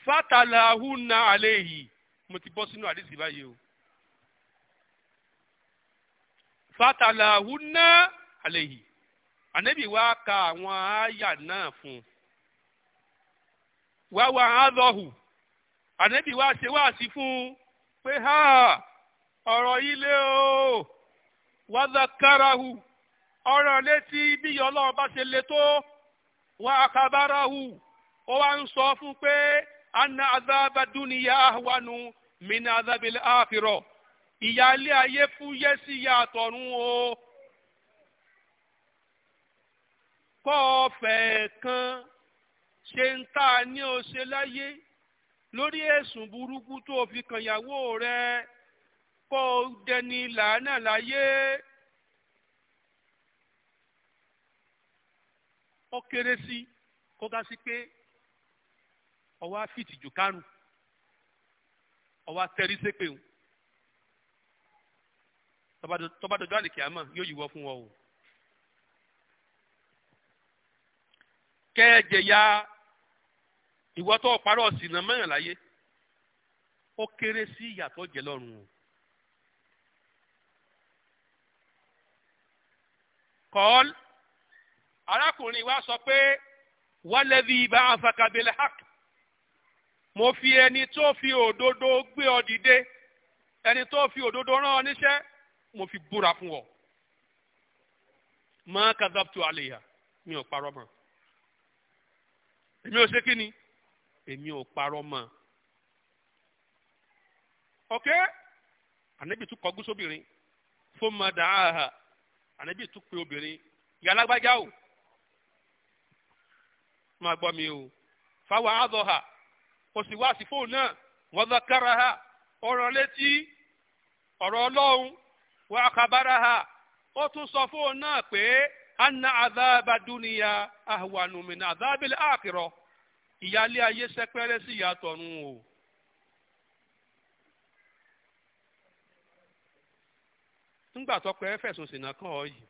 A: fatalahunna alayhi mo ti bọ́ sínú àdìsí báyìí o na alayhi ànábì wa ka àwọn àyà náà fún wa wa wá àádọ́hù wa ṣe wá sí fún pé ha ọ̀rọ̀ yìí lé o wá zakarahu ọ̀rọ̀ létí bí ọlọ́run bá ṣe le tó wá akabaráhu ó wá ń sọ fún pé. anna azaba duniya ahwanu min azabil akhirah ìyà ilé ayé fúyẹ́ sí ìyà àtọ̀run o kọ́ ọ̀fẹ́ kan ṣe ń tà ní ọ̀ṣẹ́ láyé lórí ẹ̀sùn burúkú tó fi kan ìyàwó rẹ kọ́ dẹni làánà láyé. ó kéré sí kó ga sí pé ọwọ́ àfìtì jù kánú ọwọ́ àtẹrí sépè ń tọ́bádọ́jọ́ àlèkè àmọ́ yóò yíwọ́ fún ọ o. kẹ́ẹ̀jẹ̀ ya ìwọ́ tó parọ́ ọ̀sìn náà mẹ́rin láyé ó kéré sí ìyàtọ̀ jẹ́ lọ́rùn o. kọ́ọ́l arákùnrin wa sọ pé wálé bíi bá afakabilẹ̀ hàkì. mo fi ẹni tó fi òdodo gbé ọ dìde ẹni tó fi òdodo rán ọ níṣẹ́ mo fi búra fún ọ máa kazaptu àlèyà mi ò parọ́ mọ́ èmi ò ṣe kí ni èmi ò parọ́ mọ́ ok ànábì tún kọjú sóbìnrin fún mọdà áhà ànábì tún pe obìnrin ìyá alágbájá o máa gbọ́ mi o fáwọn àádọ́ ha. kò sì wá sí fóun náà wọ́n lọ kára ha ọ̀rọ̀ létí ọ̀rọ̀ ọlọ́run wà àkàbára ha ó tún sọ fóun náà pé anna azaba dúnìyà ahùwànùmínà azabil àkìrọ̀ ìyáálé ayé sẹ́pẹ́rẹ́ sí o. nígbà tọkọ ẹ fẹ̀sùn ṣìnà kàn ọ yìí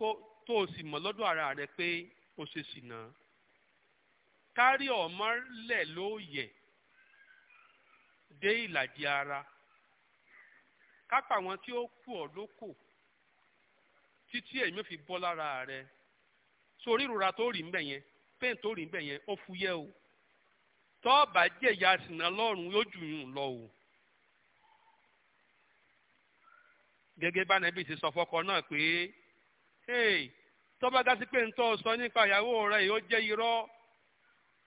A: kó tó o sì mọ̀ lọ́dọ̀ ara rẹ pé o ṣe ṣìnà. kárí ọmọ lẹ̀ lóòyẹ̀ dé ìlàjì ara kápá wọn tí ó kú ọ lóko títí èmi fi bọ́ lára rẹ sórí ìrora tó rí mbẹ yẹn pain tó rí mbẹ yẹn ó fúyẹ́ o tọ́ọ̀bà jẹ̀yà sìnà lọ́rùn yóò jù lọ o. gẹ́gẹ́ pé tọ́ba dá sí pé ń tọ́ sọ nípa ìyàwó yóò jẹ́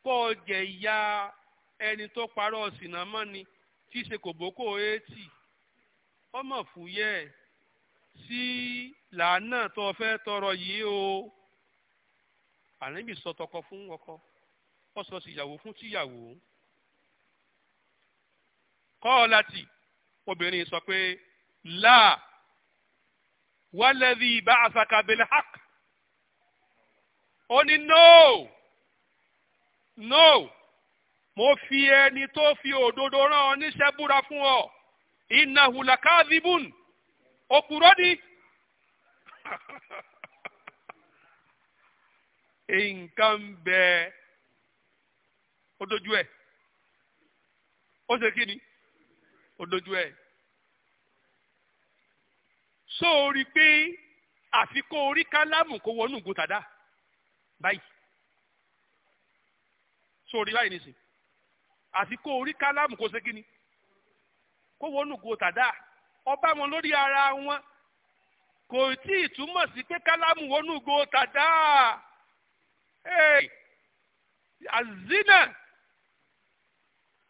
A: kó o jẹ ìyá ẹni tó parọ́ sinamọ́ ni tí í ṣe kòbókò eighty ọmọ fúyẹ́ sí làánà tó o fẹ́ tọrọ yìí o ànábì sọ tọkọ fún ọkọ ó sọ síyàwó fún tíyàwó kọ́ ọ láti obìnrin sọ pé láà wálẹ́dì bá àṣàkàbẹ̀lẹ̀ hàk ó ní nóò. No! no mo fi ẹni tó fi òdodo rán ọ níṣẹ́ búra fún ọ innahu lakadhibun òpùrọ́ ni. (laughs) nǹkan ń bẹ ó dojú ẹ ó ṣe kí ni ó dojú ẹ sóòrí pé àfikún orí kálámù kó wọnú gùn tàdá báyìí. Sori báyìí nìsín àti kó orí kálámù kó ṣe kíni kó wọnú go tàdá ọba wọn lórí ara wọn kò tí ì túmọ̀ sí pé kálámù wọnú go tàdá azina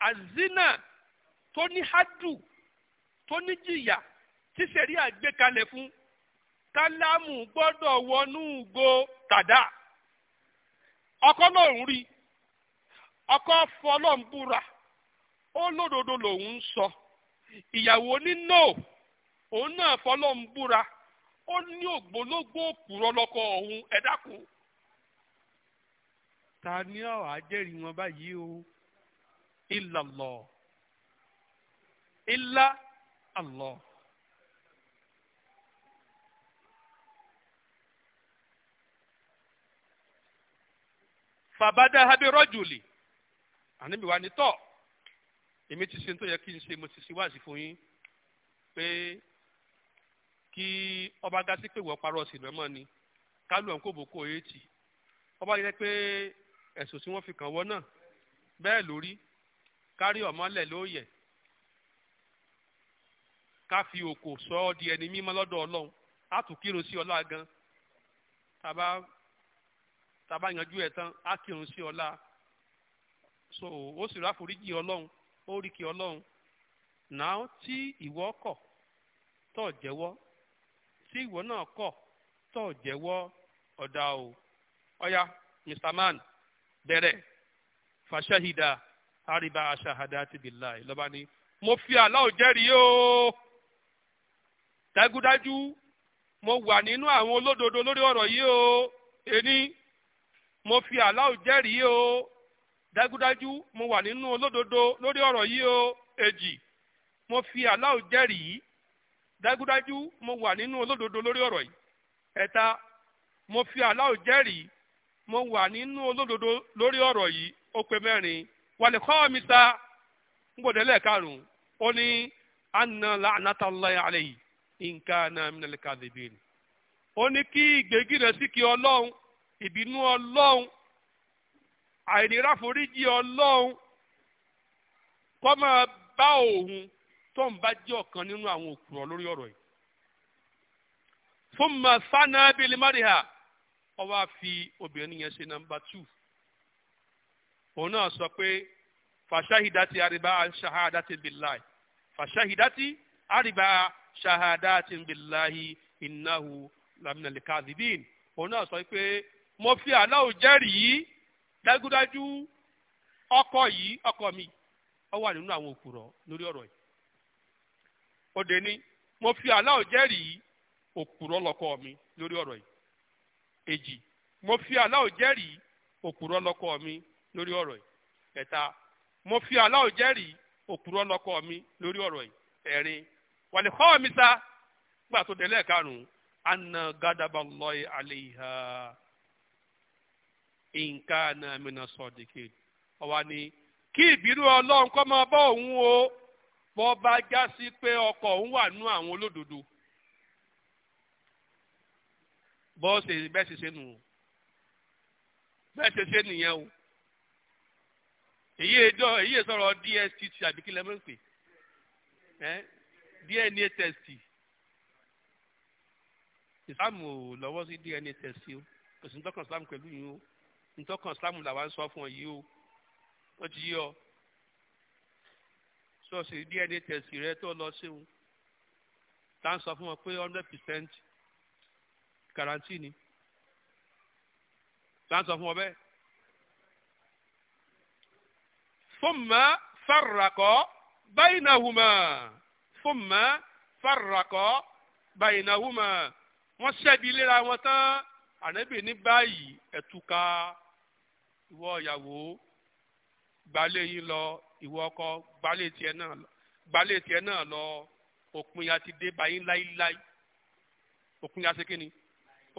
A: azina tó ní hadu tó ní jìyà tí sẹ̀rí àgbékalẹ̀ fún kálámù gbọ́dọ̀ wọnú go tàdá ọkọ lòun rí i. ọkọ fọlọ́n búra ó lódodo lòun ń sọ ìyàwó ní no òun náà fọlọ́n búra ó ní òun ta ni ọ̀ àjẹ́rìí wọn báyìí o ila alọ. ànábì wa ní tọ́ èmi ti ṣe tó yẹ kí n ṣe mo ti ṣe wáàsí fún yín pé kí ọba gasi pé wọ́n parọ́ sí lọ́mọ ni kálù ọ̀nkó bò kó eighty ọba yẹ pé ẹ̀sùn tí wọ́n fi kàn wọ́n náà bẹ́ẹ̀ lórí kárí ọ̀mọ́lẹ̀ lóòyẹ̀ ká fi òkò sọ ọ́ di ẹni mímọ́ lọ́dọ̀ ọlọ́run á tún kírun sí ọlá gan tá a bá yanjú ẹ̀ tán á kírun sí ọlá so ó sì ráforíjì ọlọ́run ó rí kí ọlọ́run náà tí ìwọ kọ̀ tó jẹ́wọ́ tí ìwọ náà kọ̀ tó jẹ́wọ́ ọ̀dà o ọ̀ya mr man bẹ̀rẹ̀ fàṣẹ́hìdà àríbá aṣáhàdá ti bìlà ìlọ́ba ni mo fi Allah jẹ́rìí o dájúdájú mo wà nínú àwọn olódodo lórí ọ̀rọ̀ yìí o èní mo fi Allah jẹ́rìí o. dájúdájú mo wà nínú olódodo lórí ọ̀rọ̀ o èjì mo fi Allah jẹ́rìí dájúdájú mo wà nínú olódodo lórí ọ̀rọ̀ yìí ẹ̀ta mo fi Allah jẹ́rìí mo wà nínú olódodo lórí ọ̀rọ̀ yìí ó mẹ́rin wàlẹ̀ kọ́ mi sa àìníráforíjì ọlọ́run kọ́ máa bá òun tó ń bá jẹ́ ọ̀kan nínú àwọn òkùrọ̀ lórí ọ̀rọ̀ yìí. fún masana bíi mariha ó wá fi obìnrin yẹn ṣe nàmbà two òun náà sọ pé fàṣáhìdátì àríbá ṣahádátì bíláì fàṣáhìdátì àríbá ṣahádátì bíláì ìnáhu lamina lè òun náà sọ pé mo fi Allah jẹ́rìí. dájúdájú ọkọ yìí ọkọ mi ọ wà nínú àwọn òkùrọ̀ lórí ọ̀rọ̀ yìí òde ni mo fi aláwọ̀ jẹ́rìí òkùrọ̀ lọkọ mi lórí ọrọ yìí èjì mo fi aláwọ̀ jẹ́rìí òkùrọ̀ lọkọ mi lórí ọrọ yìí ẹ̀ta mo fi aláwọ̀ jẹ́rìí òkùrọ̀ lọkọ mi lórí ọ̀rọ̀ yìí ẹ̀rin wàlíkọ́ mi sa gbà tó délẹ̀ karùn-ún anna gàdàbà lọ́ọ̀ àlè ìhà. nǹkan náà mìíràn sọ̀dìkì ọ̀wá ni kí ìbínú ọlọ́run kọ́ máa òun o bọ́ bá já sí pé ọkọ̀ òun wà nú àwọn olódodo bọ́ bẹ́ẹ̀ ṣe ṣe nù o bẹ́ẹ̀ ṣe ṣe nìyẹn o èyí èyí DNA test DNA test o kò sí ntọ́kàn islamu làwa ń sọ fún ọ yìí o wọ́n ti yí ọ ṣọ́ọ̀ṣì dna test rẹ tó lọ ṣéun tá à ń sọ fún ọ pé hundred percent guarantee ni tá à ń sọ fún ọ bẹ́ẹ̀. fúnmọ́ fàràkọ́ báyìnàwùmá fúnmọ́ fàràkọ́ báyìnàwùmá wọ́n ṣẹ́bi léra wọn tán ànábì ní báyìí ẹ̀túká. E ìwọ ìyàwó gbalé yín lọ ìwọ ọkọ gbalé tiẹ̀ náà lọ gbalé tiẹ̀ náà lọ òpin ya ti dé báyìí láíláí òpin ya ṣe kí ni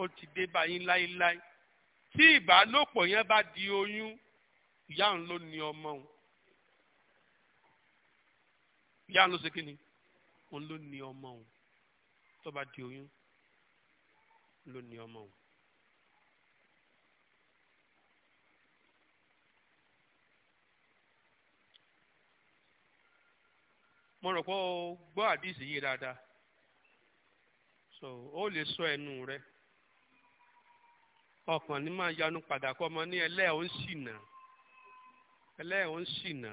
A: ó ti dé báyìí láíláí tí ìbálòpọ̀ yẹn bá di oyún ìyá òun ló ní ọmọ òun ìyá òun ló ṣe kí ni òun ló ní ọmọ òun tó bá di oyún ló ní ọmọ òun. mo rò pé o gbọ́ àdìsí yìí dáadáa so ó lè sọ ẹnu rẹ ọkàn ní máa yanu padà kọ́ ọmọ ní ẹlẹ́ẹ̀ ó ń ṣìnà ẹlẹ́ẹ̀ ó ń ṣìnà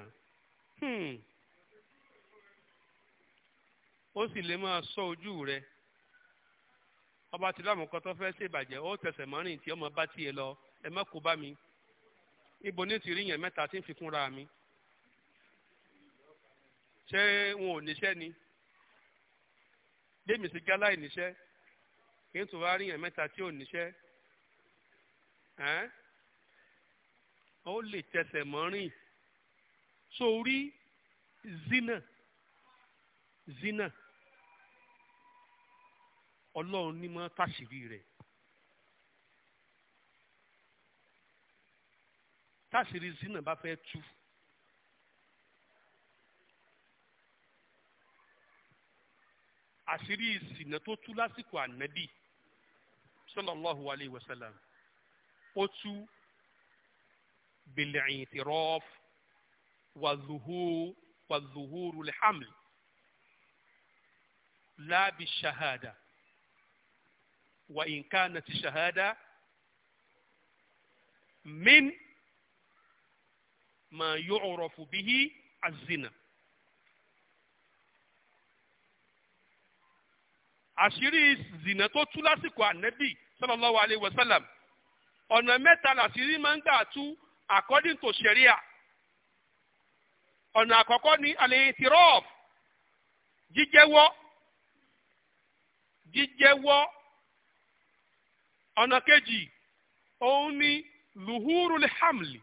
A: hmm. ó sì lè máa sọ ojú rẹ ọba tí láwọn kan tó fẹ́ ṣèbàjẹ́ ó tẹsẹ̀ mọ́rin tí ọmọ bá tiẹ̀ lọ ẹ má kó bá mi ibo ní ti rí yẹn mẹ́ta tí ń fi kúnra mi. ṣé wọn ò níṣẹ́ ni démi sí gálá ìníṣẹ́ kí n tó wá ríyàn mẹ́ta tí ò níṣẹ́ ó lè tẹsẹ̀ mọ́rìn sórí zina zina ọlọ́run ní mọ́ táṣìírí rẹ̀ táṣìírí zina bá fẹ́ tú. àṣírí ìsìnà tó tú lásìkò ànábì sallallahu alayhi wa sallam ó tú bìlẹ̀ ìtìrọ́f wàzùhúrú lẹ́hàmìlì láàbì ṣahada wà ìǹkànnà ti ṣahada min ma yu'rafu bihi az-zina. àṣírí zìnà tó tú lásìkò ànẹ́bì sallallahu alayhi wa sallam ọ̀nà mẹ́ta làṣírí máa ń gbà tú according to sharia ọ̀nà àkọ́kọ́ ní al-i'tiraf jíjẹ́wọ́ jíjẹ́wọ́ ọ̀nà kejì òun ni luhurul hamli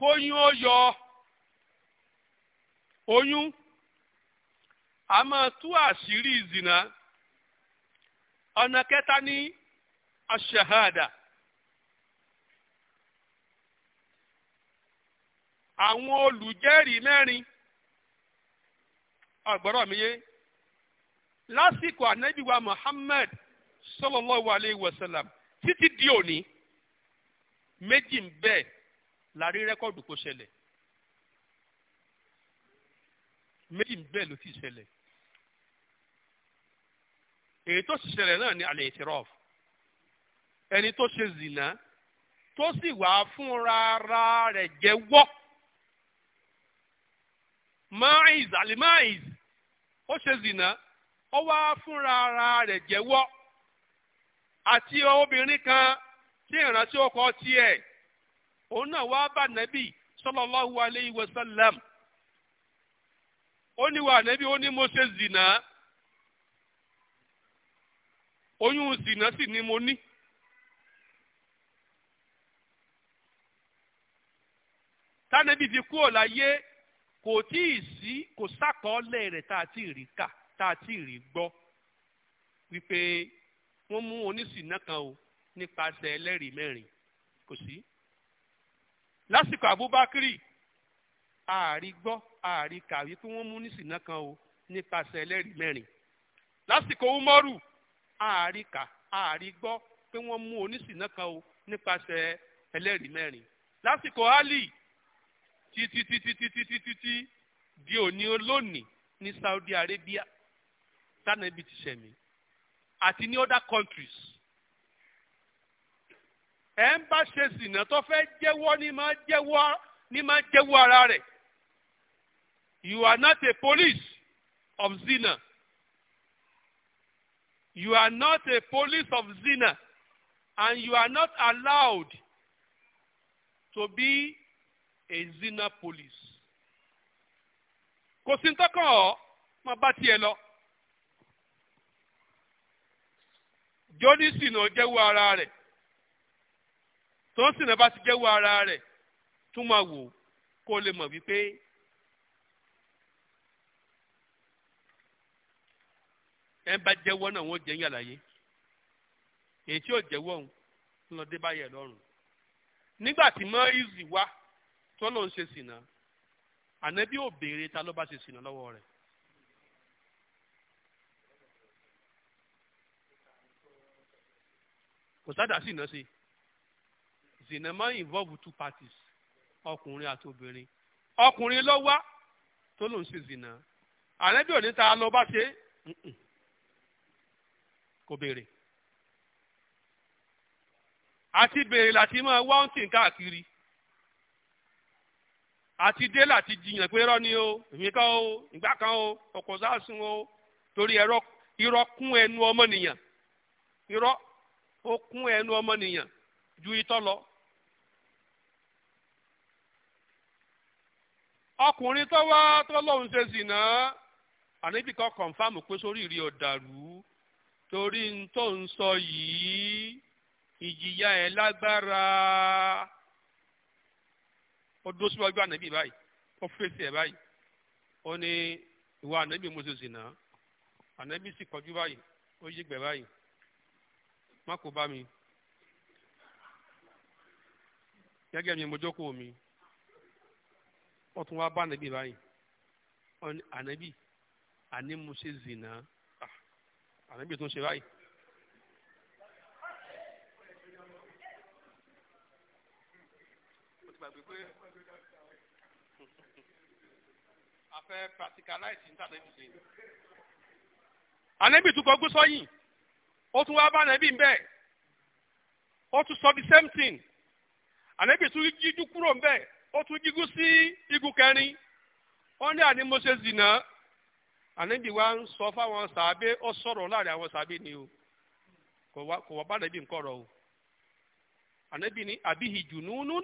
A: kóyún ó yọ oyún a máa tú àṣírí ìzìnà ọ̀nà kẹta ní aṣahada àwọn olùjẹ́rìí mẹ́rin ọ̀gbọ́rọ̀ mi yé lásìkò ànábìwá Muhammad sallallahu alayhi wa sallam títí di òní méjì ń bẹ lárí rẹ́kọ̀dù kó ṣẹlẹ̀ méjì ń bẹ ló ti ṣẹlẹ̀. èyí tó sì ṣẹlẹ̀ náà ni al-i'tiraf ẹni tó ṣe zìnà tó sì wá fúnra ara rẹ̀ jẹ́wọ́ maiz alimaiz ó ṣe zìnà ó wá fúnra ara rẹ̀ jẹ́wọ́ àti obìnrin kan tí ìrántí ọkọ tiẹ̀ òun náà wá bá nàbì sallallahu alayhi wa sallam ó ní wà nàbì ó ní mo ṣe zìnà. oyún zìnà sì ni mo ní. tánẹ́bí fi kúrò láyé kò tí ì sí kò sàkọọ́lẹ̀ rẹ̀ tá a ti rí kà tá a ti rí gbọ́ wípé wọ́n mú oníṣìnà kan o nípasẹ̀ ẹlẹ́rìí mẹ́rin kò sí. lásìkò Abubakari ààrí gbọ́ ààrí kà wípé wọ́n mú oníṣìnà kan o nípasẹ̀ ẹlẹ́rìí mẹ́rin lásìkò Umaru àárí kà pé wọ́n mú oníṣìná kan o nípasẹ̀ ẹlẹ́rìí mẹ́rin lásìkò ali títítítítítítítí di òní olónìí ní Saudi Arabia tánàbí ti ṣẹ̀mí àti ní other countries ẹ̀ ń bá ṣe sìnà tó fẹ́ jẹ́wọ́ ní máa jẹ́wọ́ ní máa jẹ́wọ́ ara rẹ̀ you are not a police of zina. You are not a police of zina and you are not allowed to be a zina police. Kò sí ntọ́kàn ọ́, máa bá tiẹ̀ lọ. Jónísì náà jẹ́wọ́ ara rẹ̀. Tóńsì náà bá ti jẹ́wọ́ ara rẹ̀. Tún máa wò kó lè mọ̀ wípé ẹ bá jẹ́wọ́ náà wọ́n jẹ́ yàlàyé èyí tí ò jẹ́wọ́ ń lọ dé báyẹ̀ lọ́rùn nígbà tí mọ́ ìzì wá tọ́lọ́ ń ṣe sìnà ànábì ò béèrè ta ló bá ṣe sìnà lọ́wọ́ rẹ̀. kò sádà sìnà sí sìnà máa ń involve two parties ọkùnrin àti obìnrin ọkùnrin ló wá ń ṣe sìnà ànábì ò ní ta ló bá ṣe kò béèrè àti béèrè láti máa wá ountin káàkiri àti dé láti jiyàn pé ni o èmi kan o ìgbà kan o ọkọ̀ sáàsùn o torí o irọ́ kún ẹnu ọmọnìyàn irọ́ ó kún ẹnu ọmọnìyàn ju itọ́ lọ. ọkùnrin tó wá tó lóun ṣe sì náà àníbìkan kọ̀ǹfàmù pé sórí torí n tó ń sọ yìí ìjìyà ẹ̀ lágbára ó dó síwájú ànábì báyìí ó fèsì ẹ̀ báyìí ó ní ìwà ànábì mo ṣe zìnà ànábì sì kọjú báyìí ó yí gbẹ báyìí má kó bá mi gẹ́gẹ́ mi mo jókòó mi ó tún wá bá ànábì báyìí ó ní ànábì àní zìnà ànábì tó ń ṣe báyìí. afẹ́ practicalize ní tàbí ṣe. ànábì tún kọ gúsọ yìí ó tún wá bá ànábì ń bẹ̀ ó tún sọ the same thing ànábì tún jíjú kúrò ń bẹ̀ ó tún jígú sí igun kẹrin wọ́n ní àní mo ṣe zìnà ànábì wa ń sọ fáwọn sàábé ó sọ̀rọ̀ láàrin àwọn sàábé ni o kò wá kò wá bá o ànábì ni àbíhi jùnúnú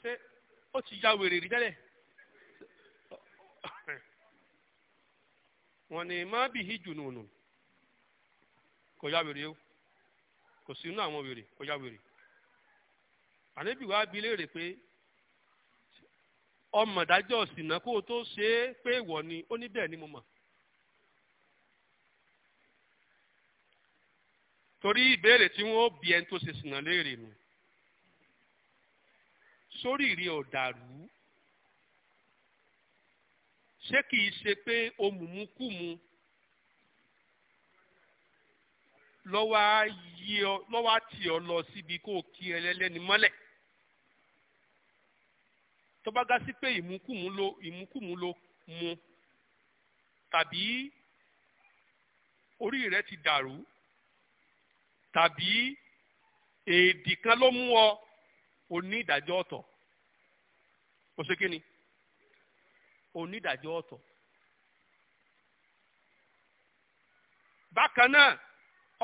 A: ṣé ó ti ya wèrè rí tẹ́lẹ̀ wọ́n ní má bíhi jùnúnú kò ya wèrè o kò sí inú àwọn wèrè kò ya wèrè ànábì wa bi léèrè pé. ọmọ ìdájọ́ ọ̀sìnà kó o tó ṣe é pé ìwọ ni ó ní bẹ́ẹ̀ ni mo mọ̀. torí ìbéèrè tí wọ́n bí ẹni tó ṣe sìnà léèrè nù sórí ìrì ọ̀dàrú ṣé í ṣe pé o mùmú kù mu lọ́wọ́ á tí ọ lọ síbi kó o kí ẹlẹ́lẹ́ni mọ́lẹ̀. tó bá ga sí pé ìmúkùmú ló ìmúkùmú ló mu tàbí orí rẹ ti dàrú tàbí èdè kan ló mú ọ ò ní ìdájọ́ ọ̀tọ̀ ó ṣe kíni ò bákan náà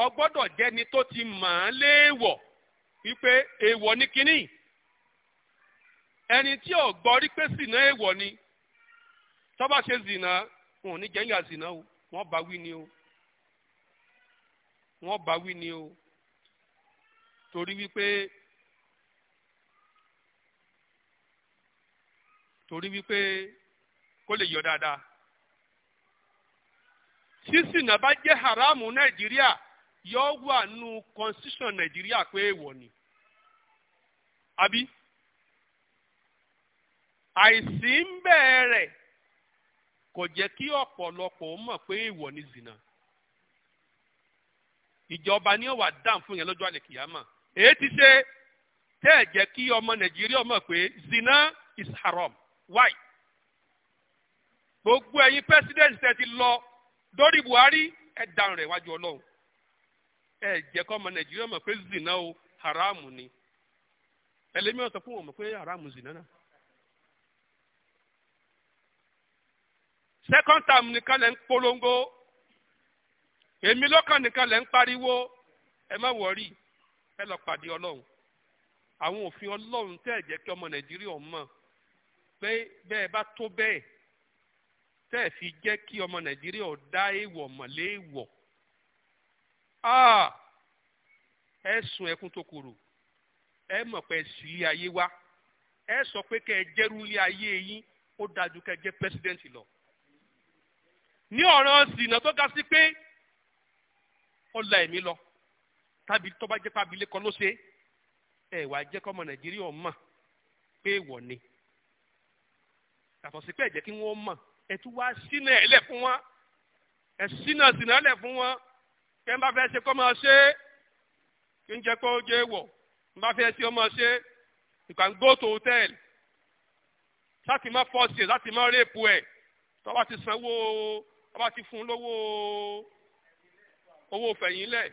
A: ọ gbọ́dọ̀ tó ti mọ̀ án wípé èèwọ̀ ní kínní ẹni tí ò gbọ́ rí pé zina èèwọ̀ ni tó ṣe zina wọn ò ní jẹ́ńgà zina o wọ́n bá wí ni o wọ́n bá wí ni o torí wípé torí wípé kó lè yọ dáadáa sísìnà bá jẹ́ haramu nàìjíríà yóò wà nù constitution nàìjíríà pé èèwọ̀ ni àbí. àìsí ń bẹ́ẹ̀ rẹ̀ kò jẹ́ kí ọ̀pọ̀lọpọ̀ mọ̀ pé ìwọ ni zina ìjọba ni ó wà dáhùn fún yẹn lọ́jọ́ àlèkìyàmà èyí ti ṣe tẹ́ ẹ̀ jẹ́ kí ọmọ nàìjíríà mọ̀ pé zina is haram why gbogbo ẹ̀yin president tẹ́ ti lọ dórí buhari ẹ̀ rẹ̀ wájú ọlọ́run ẹ̀ jẹ́ kọ́ ọmọ nàìjíríà mọ̀ pé zina o haram ni ẹlẹ́mìíràn sọ fún wọn mọ̀ pé haram zina náà second term nìkan lẹ̀ ń polongo èmi lọ́kàn nìkan lẹ̀ ń pariwo ẹ má wọ̀rí ẹ lọ pàdé ọlọ́run àwọn òfin ọlọ́run tẹ́ ẹ̀ jẹ́ kí ọmọ nàìjíríà mọ̀ pé bẹ́ẹ̀ bá tó bẹ́ẹ̀ tẹ́ ẹ̀ fi jẹ́ kí ọmọ nàìjíríà dá èèwọ̀ mọ̀lé èèwọ̀ ah! ẹ sun ẹkún tó korò ẹ mọ̀ pé sí ilé ayé wa ẹ sọ pé kẹ́ ẹ jẹ́rú ilé ayé yín ó dájú kẹ́ ẹ jẹ́ pẹ́sidẹ́ǹtì lọ ní ọ̀ràn sìnà tó ga sí pé ó la ẹ̀mí lọ tàbí tó bá jẹ́ pábílẹ̀ kan ló ṣe ẹ̀ wá jẹ́ kọ́mọ nàìjíríà mọ̀ pé wọ̀ ni yàtọ̀ sí pé ẹ jẹ́ kí wọ́n mọ̀ ẹ tún wá sínú ẹ̀ lẹ̀ fún wọn ẹ sínú sínú lẹ̀ fún wọn kẹ́ ń bá fẹ́ ṣe kọ́ máa ṣe kí ń jẹ́ kó jẹ́ wọ̀ ń bá fẹ́ ṣe ọ máa ṣe you can go to hotel láti má fọ́ọ̀sì ẹ̀ láti má réèpù ẹ̀ tó ti sanwó a ti fún un lówó owó fẹ̀yìnlẹ̀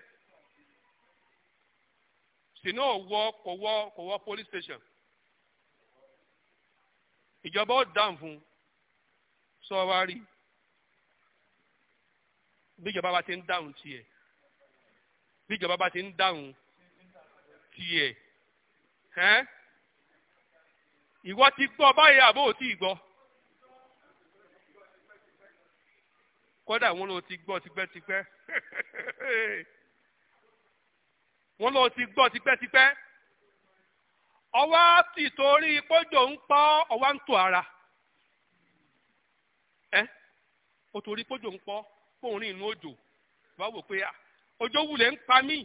A: sínú ọ̀wọ́ kò wọ́ kò wọ́ police station ìjọba ó dáhùn fún un sọ wá rí bí ìjọba bá ti ń dáhùn tiẹ̀ bí ìjọba bá ti ń dáhùn tiẹ̀ ẹ́ ìwọ ti gbọ́ báyìí àbó ò tí ì gbọ́. kódà wọ́n ló ti gbọ́ tipẹ́tipẹ́ (laughs) wọ́n ló ti gbọ́ tipẹ́tipẹ́ ọwọ́ ti torí kójò ń pọ́ ọwọ́ ń tò ara ẹ́ o torí kójò ń pọ́ kóun rìn inú òjò wá wò pé òjò wulẹ̀ ń pa mí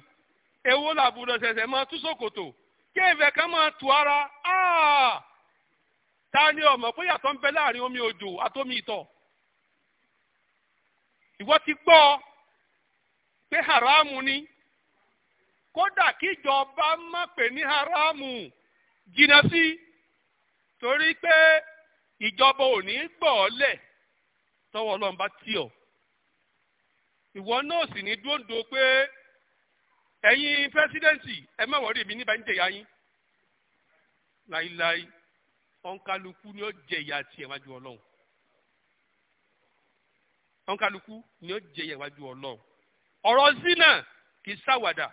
A: èwo làbúrò ṣẹ̀ṣẹ̀ máa tú ṣòkòtò kí ẹ̀fẹ̀ kan máa tù ara ta ni ọmọ pé yàtọ̀ ń bẹ láàrin omi òjò àtomi ìtọ̀ ìwọ ti gbọ́ pé haramu ni kódà kíjọba má pè ní haramu jìnnà sí torí pé ìjọba ò ní gbọ́ ọ lẹ̀ tọwọ́ ọlọ́run bá tì ọ́ ìwọ náà sì ní dóńdó pé ẹ̀yin pẹ́sidẹ́ǹtì ẹ má wọ̀rí mi níbà ń jẹ̀yà yín láíláí ọ̀nkálukú ni ó jẹ̀yà tiẹ̀ wájú ọlọ́run àwọn kálukú ni ó jẹ ìyàwájú ọlọ́run ọ̀rọ̀ zina kì í ṣàwàdà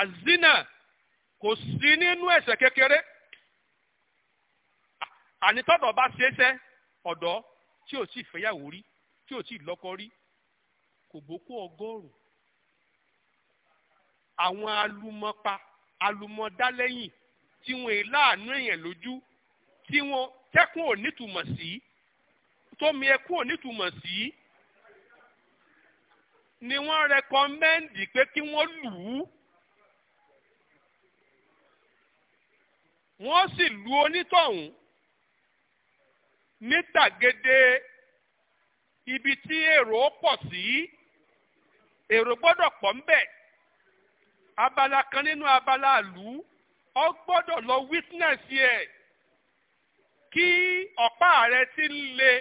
A: àzina kò sí nínú ẹ̀ṣẹ̀ kékeré ànitọ́dọ̀ bá ṣeéṣẹ́ ọ̀dọ́ tí ò tí ì fẹ́yàwó rí tí ò tí ì lọ́kọ rí kò gbókó ọgọ́rùn àwọn alumọ́pa alumọ́dálẹ́yìn tí wọ́n èé láàánú èèyàn lójú tí wọ́n tẹ́kùn ò nítumọ̀ sí. Si tó mi ẹ kúrò nítumọ̀ sí ni wọ́n rẹkọmẹ́ndì pé kí wọ́n lù ú wọ́n sì lu onítọ̀hún ní tàgédé ibi tí èrò pọ̀ sí èrò gbọ́dọ̀ pọ̀ ńbẹ̀ abala kan nínú abala àlù ọ gbọ́dọ̀ lọ witness yẹ kí ọ̀pá rẹ ti ń le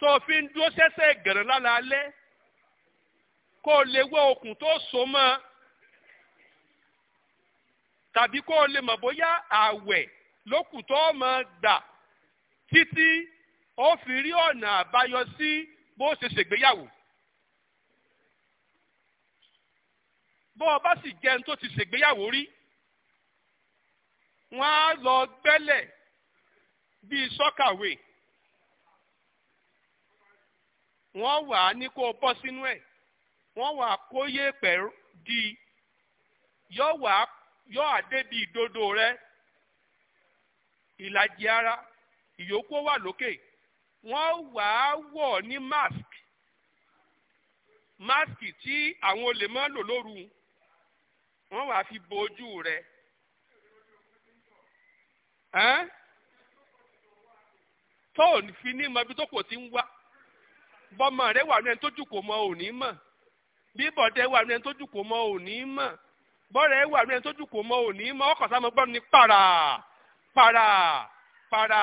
A: tó fi ń dúró sẹ́sẹ̀ gẹ̀rẹ́ lálaalẹ́ kó o lè wá okùn tó so mọ́ ọ tàbí kó o lè mọ̀ bóyá ààwẹ̀ lókù tó mọ̀ gbà títí ó fi rí ọ̀nà àbáyọ sí bó ṣe ṣègbéyàwó. bó o bá sì jẹun tó ti ṣègbéyàwó rí wọ́n á lọ gbẹ́lẹ̀ bíi sọ́kàwé. So wọ́n wà á ní kó o bọ́ sínú ẹ̀ wọ́n wà á kó yèèpẹ̀ di yọ wà á yọ àdé bí ìdodo rẹ ìlàjì ara ìyókù wà lókè wọ́n wà á wọ̀ ní mask mask tí àwọn olè máa lò lóru wọ́n wà á fi bo ojú rẹ. tó o fi ní mọ ibi tó kò ti ń wá. bọ́mọ rẹ wà ní tó jùkò òní mọ bí bọ̀dẹ wà tó jùkò òní mọ bọ́rẹ̀ wà ní òní ọkọ̀ sáà para para para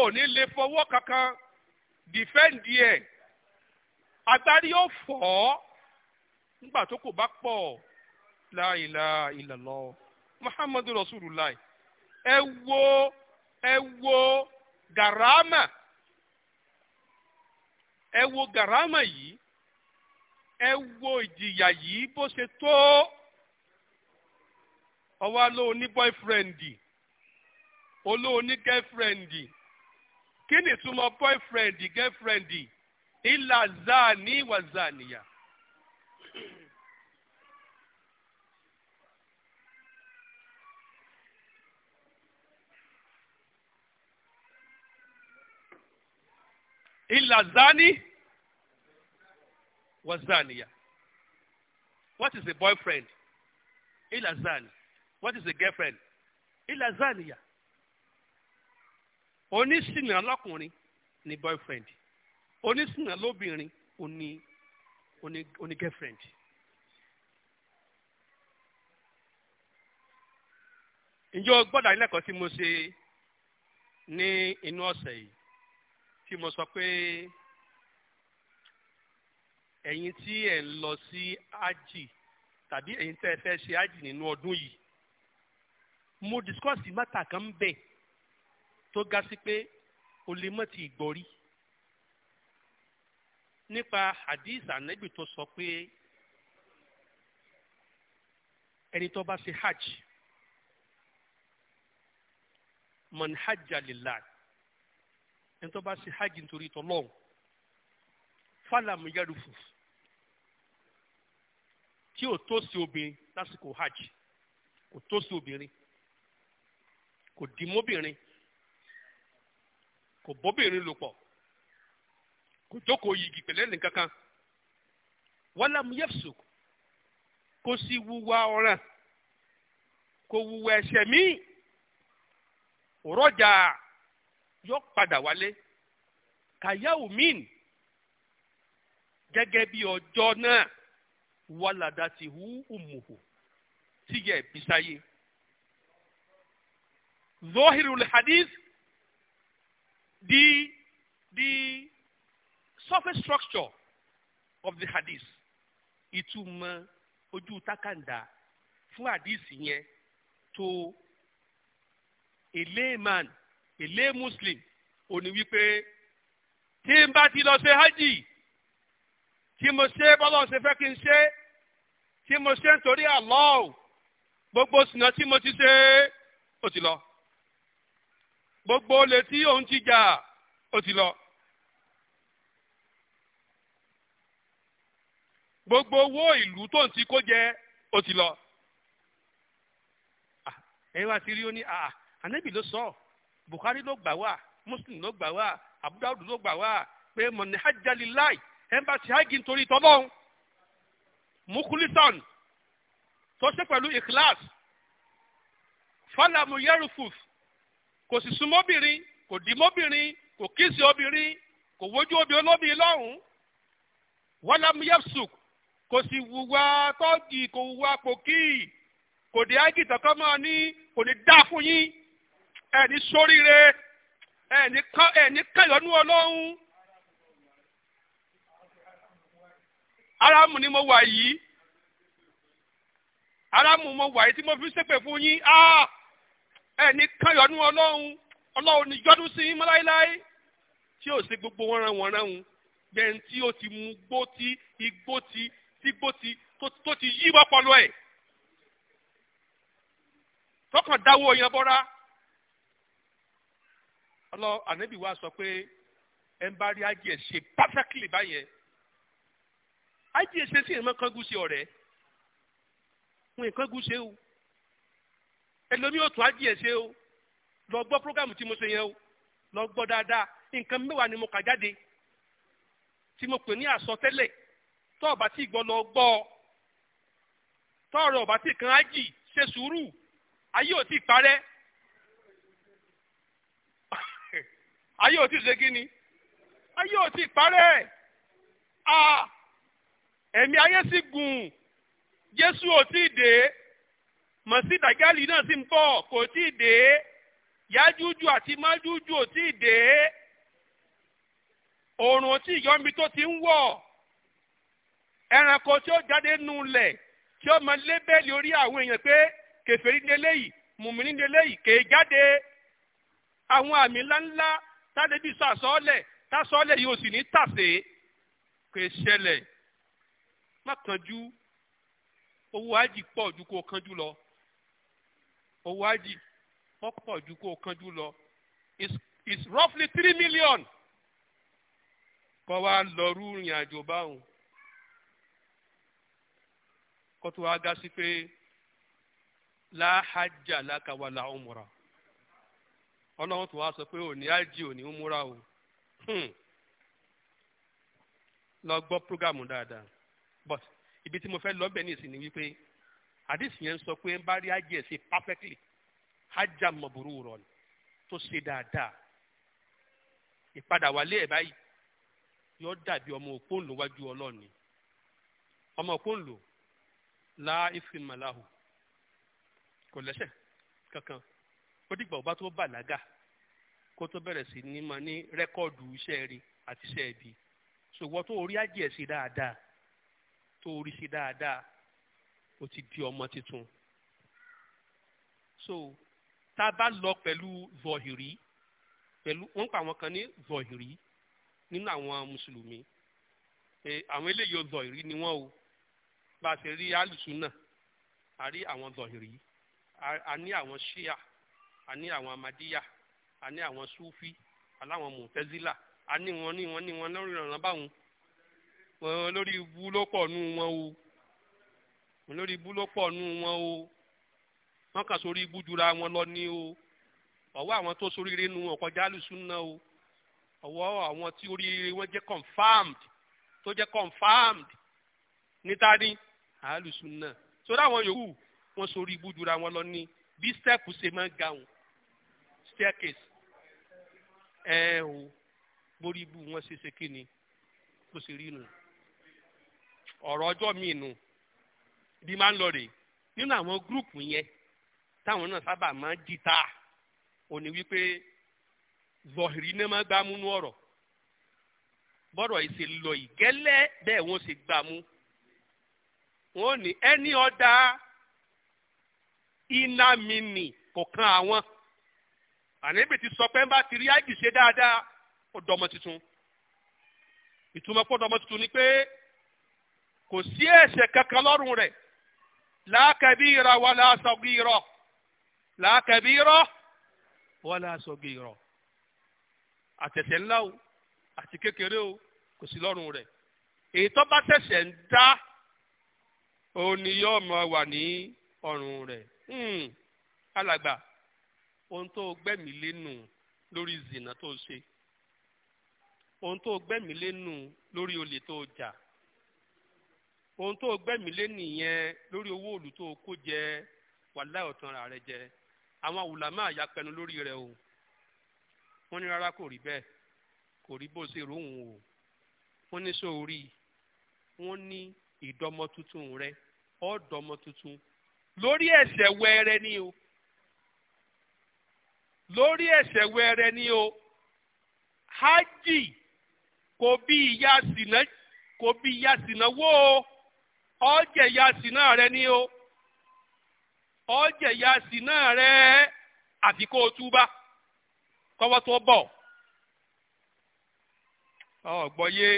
A: òní lè fọwọ́ kankan dìfẹ́ǹdì ẹ̀ agbárí ó fọ́ nígbà tó kò bá pọ̀ láìla muhammadu ẹ ẹ wo gàrámà yìí ẹ wo ìjìyà yìí bó ṣe tó ọwọ́ ló ní bọ́ìfrẹ́ǹdì olóò ní gẹ́frẹ́ǹdì kí ni ìtumọ̀ bọ́ìfrẹ́ǹdì gẹ́frẹ́ǹdì ìlà zani wà zaniya. illa zani wa zaniya. What is a boyfriend? Illa zani. What is a girlfriend? Illa zaniya. Onísìnà lọ́kùnrin ni boyfriend. Onísìnà lóbìnrin oní oní oní girlfriend. Ǹjẹ́ o gbọ́dọ̀ ilé ẹ̀kọ́ tí mo ṣe ní inú ọ̀sẹ̀ yìí? tí mo sọ pé ẹ̀yin tí ẹ̀ ń lọ sí ájì tàbí ẹ̀yin tẹ́ ẹ fẹ́ ṣe ájì nínú ọdún yìí mo discuss mátà kan ń bẹ̀ tó ga sí pé o lè mọ̀ ti ìgbọ́rí nípa hadith anabi tó sọ pé ẹni tó bá ṣe hajj man hajja ẹni tó bá ṣe hajj nítorí tọlọ́hún fálàmù yẹrùfù tí ò tó sí obìnrin lásìkò hajj kò tó sí obìnrin kò dì mọ́bìnrin kò bọ́bìnrin lò pọ̀ kò jókòó yìgì pẹ̀lẹ́ nìkan kan wálàmù yẹfsù kò sí wúwa ọ̀ràn kò wúwa ẹ̀ṣẹ̀ míì rọ́jà yóò padà wálé kàyáwó min gẹ́gẹ́ bí ọjọ́ náà wàlàdà ti hu umuhu tíyẹ̀ bisáyé. zohirul hadith the the surface structure of the hadith ìtumọ̀ ojú takanda fún hadith yẹn to a èlé muslim ò ní wípé tí n bá ti lọ ṣe hajj tí mo ṣe bọ́lọ̀ ṣe fẹ́ kí n ṣe tí mo ṣe nítorí Allah gbogbo sìnà tí mo ti ṣe ó ti lọ gbogbo olè tí òun ti jà ó ti lọ. gbogbo owó ìlú tó ń ti kó jẹ ó ti lọ. Ah, ẹ wá ti rí ó ní àà ah, ànábì ló sọ ọ́. Bukhari ló gbà wá Muslim ló gbà wá Abu Dawud ló gbà wá pé mọ̀nì hajjali láì ẹ̀ńbàṣì hajj nítorí tọ́lọ́hún mukulisan tó ṣe pẹ̀lú ikhlas falamu yerufuf kò sì sún mọ́bìnrin kò dì mọ́bìnrin kò kíìsì obìnrin kò wojú obì olóbì lọ́hùn walamu yefsuk kò sì wùwà tọ́gì kò wùwà pòkì kò dé ágìtàn kọ́ mọ́ ọ kò ní dá fún yín ẹni sóríire ẹni kán ẹni kẹyọnú ọlọ́run aramu ni mo wà yìí aramu mo wà yìí tí mo fi ṣépè fún yín ẹni kẹyọnú ọlọ́run ọlọ́run ni yọdún sí yín láéláé tí ò sí gbogbo wọn ràn wọn ràn wọn yẹn tí ó ti mú gbó tí igbó tí tí gbó tí tó ti yí wọ́pọ̀lọ́ ẹ̀ tọkàn dáwọ́ yẹn bọ́ra ọlọ́ ànábì wa sọ pé ẹ ń bá rí ájì ẹ̀ ṣe pátákìlì báyẹn ájì ẹ̀ ṣe sí ìmọ̀ kángun ṣe ọ̀rẹ́ wọn ìkángun ṣe o ẹlòmí ò tún ájì ẹ̀ ṣe o lọ gbọ́ prógámù tí mo ṣe yẹn o lọ gbọ́ dáadáa nǹkan mẹ́wàá ni mo kà jáde tí mo pè ní àsọtẹ́lẹ̀ tọ́ ọ̀bà tí ìgbọ́ lọ gbọ́ ọ tọ́ ọ̀rọ̀ tí kan ájì ṣe sùúrù ayé ò tí parẹ́ ayé ò tí ṣe kí ni ayé ò tí parẹ́ a ẹ̀mí ayé sì gùn Jésù ò tí dé mọ̀sí dàgálì náà sì ń bọ̀ kò tí dé yájújú àti májújú ò tí dé òòrùn ò tí yọmi tó ti ń wọ̀ ẹranko tí ó jáde nù lẹ̀ tí ó máa lébẹ́lì orí àwọn èèyàn pé kèfèrí ní eléyìí mùmíní ní eléyìí kèé jáde àwọn àmì ńláńlá tádébí sọ àsọ́ọ́lẹ̀ tásọ́ọ́lẹ̀ yìí ò sì ní tàsé kò ṣẹlẹ̀ má kanjú owó ájì pọ̀ ju kó kanjú lọ owó ájì pọ̀ ju kó kanjú lọ it's it's roughly three million kọ́ wa lọ rú ìrìn àjò báwọn kó tó wá gá sí pé láhájà lákàwá làwọn mọ̀ràn ọlọ́run tó wá sọ pé òní áìjì òní ń múra o hmm. lọ gbọ́ prógámù dáadáa but ibi tí mo fẹ́ lọ bẹ̀ ní ìsìn ni wípé àdìsí yẹn ń sọ pé ń bá rí ájì ẹ̀ sí perfectly ájà mọ̀bùrú rọ̀ tó ṣe dáadáa ìpadà wálé ẹ̀ báyìí yóò dàbí ọmọ òpónlò wájú ọlọ́ọ̀ni ọmọ òpónlò láìfin màláhù kò lẹ́sẹ̀ kankan ó dìgbà ọba tó bàlágà kó tó bẹ̀rẹ̀ sí ní máa ní rẹ́kọ́ọ̀dù iṣẹ́ rí àti iṣẹ́ ibi ṣùgbọ́n tó orí ajẹ́ sí dáadáa tó orí sí dáadáa ó ti di ọmọ tuntun so tá a bá lọ pẹ̀lú zọ̀hìrì pẹ̀lú wọ́n pa àwọn kan ní zọ̀hìrì nínú àwọn mùsùlùmí àwọn eléyìí zọ̀hìrì ni wọ́n o bá a ṣe rí alùsùn náà a rí àwọn zọ̀hìrì a ní àwọn ṣíà a ní àwọn amadíyà a ní àwọn sufi aláwọn mùtẹ́zílà a ní wọn ní wọn ní wọn lórí ọ̀ràn báwọn wọn lórí ibú ló pọ̀ nù wọn o wọn lórí ibú ló pọ̀ nù wọn o wọn kà sórí ibú jura wọn lọ ní o ọwọ́ àwọn tó soríire nu ọ̀kọjá àlùsùnà o ọwọ́ àwọn tí oríire wọn jẹ́ confirmed tó jẹ́ confirmed níta ní àlùsùnà sórí àwọn yòówù wọn sorí ibú jura wọn lọ ní bí step ṣe máa ń ga wọn staircase ẹ o borí ibú wọn ṣe ṣe kí ni bó ṣe rí nù ọ̀rọ̀ ọjọ́ míì nù bí máa ń lọ rèé nínú àwọn gúrùpù yẹn táwọn náà sábà máa ń dìtà òní wípé zọ̀hìrì náà máa gbá mú nú ọ̀rọ̀ bọ́rọ̀ yìí ṣe lọ ìgẹ́lẹ́ bẹ́ẹ̀ wọ́n ṣe gbá mú wọ́n ní ẹni ọ̀dà ìnàmìnì kọ̀ọ̀kan àwọn ànábì ti sọ pé ń bá ti rí àìjì ṣe dáadáa ó dọmọ tuntun ìtumọ̀ pọ̀ dọmọ tuntun ni pé kò sí ẹ̀ṣẹ̀ kankan lọ́rùn rẹ̀ la kabira wala sagira la kabira wala sagira àtẹ̀ṣẹ̀ ńlá o àti kékeré o kò sí lọ́rùn rẹ̀ èyí tó bá ṣẹ̀ṣẹ̀ ń dá òun ni yóò máa wà ní ọrùn rẹ̀ hmm, alàgbà. ohun tó gbẹ̀mí lẹ́nu lórí zina tó ṣe ohun tó gbẹ̀mí lẹ́nu lórí olè tó jà ohun tó gbẹ̀mí lẹ́nu yẹn lórí owó òlù tó kó jẹ wàláì ọ̀tàn rẹ̀ jẹ àwọn ulama àyàpẹnu lórí rẹ̀ o wọ́n ní rárá kò rí bẹ́ẹ̀ kò rí bó ṣe ròhùn o wọ́n ní sóorí wọ́n ní ìdọ́mọ tuntun rẹ̀ ọ̀dọ́mọ tuntun lórí ẹ̀ṣẹ̀ wẹ́rẹ́ ni o. lórí ẹ̀ṣẹ̀ wẹrẹ ni o hajj kò bí ìyá sìnà kò bí ìyá sìnà wó o ọjẹ ìyá sìnà rẹ ni o ọjẹ ìyá sìnà rẹ àfi kó o túbá kọ́wọ́ tó bọ̀ gbọ́yé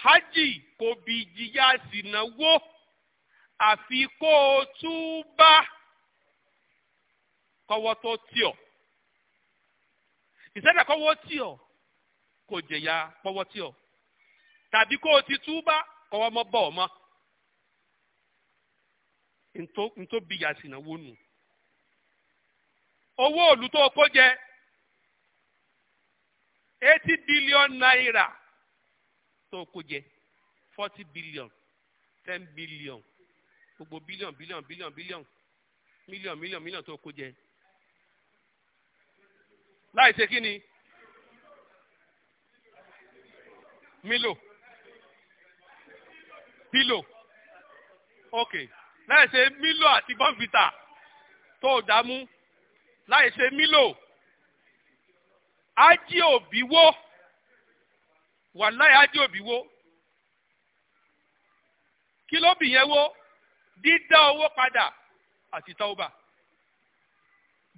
A: hajj kò bí ìyá sìnà wó àfi kó o túbá. kọ́wọ́ tó tì ọ́ ìṣẹ̀dá kọ́wọ́ tì ọ́ kò jẹ̀yà kọ́wọ́ tì ọ́ tàbí kó o ti túbá kọ́wọ́ mọ́ bọ̀ ọ́ mọ́ ntóbi yàsìnà wónù owó òlù tó kó jẹ eighty billion naira tó kó jẹ forty billion ten billion gbogbo billion billion billion billion million million million tó kó jẹ láì ṣe kí ni milo pilo ok láì ṣe milo àti bọ́ǹfìtà tó dààmú láì ṣe milo ájí òbí wo wàláì ájí òbí wo kí ló bì yẹn wo dídá owó padà àti tọ́wọ́bà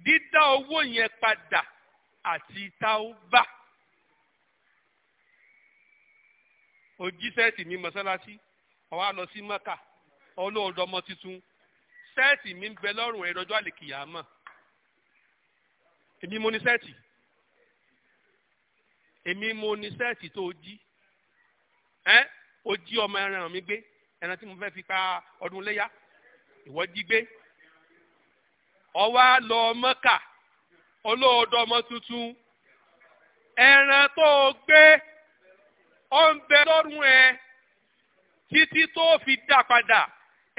A: dídá owó yẹn padà àti tauba ojíṣẹ́ẹ̀tì mi mọ́sálásí ọ̀wá lọ sí mọ́kà ọlọ́ọ̀dọ́ ọmọ tuntun sẹ́ẹ̀tì mi ń bẹ lọ́rùn ẹ̀rọ ọjọ́ àlèkìyà mọ̀ èmi mo ní sẹ́ẹ̀tì èmi mo ní sẹ́ẹ̀tì tó jí ẹ́ o jí ọmọ ẹran mi gbé ẹran tí mo fẹ́ fi pa ọdún léyà ìwọ jí gbé ọwá lọ mọ́kà olóòdó ọmọ tuntun ẹran tó o gbé ọ ń bẹ lọ́rùn ẹ títí tó fi dá padà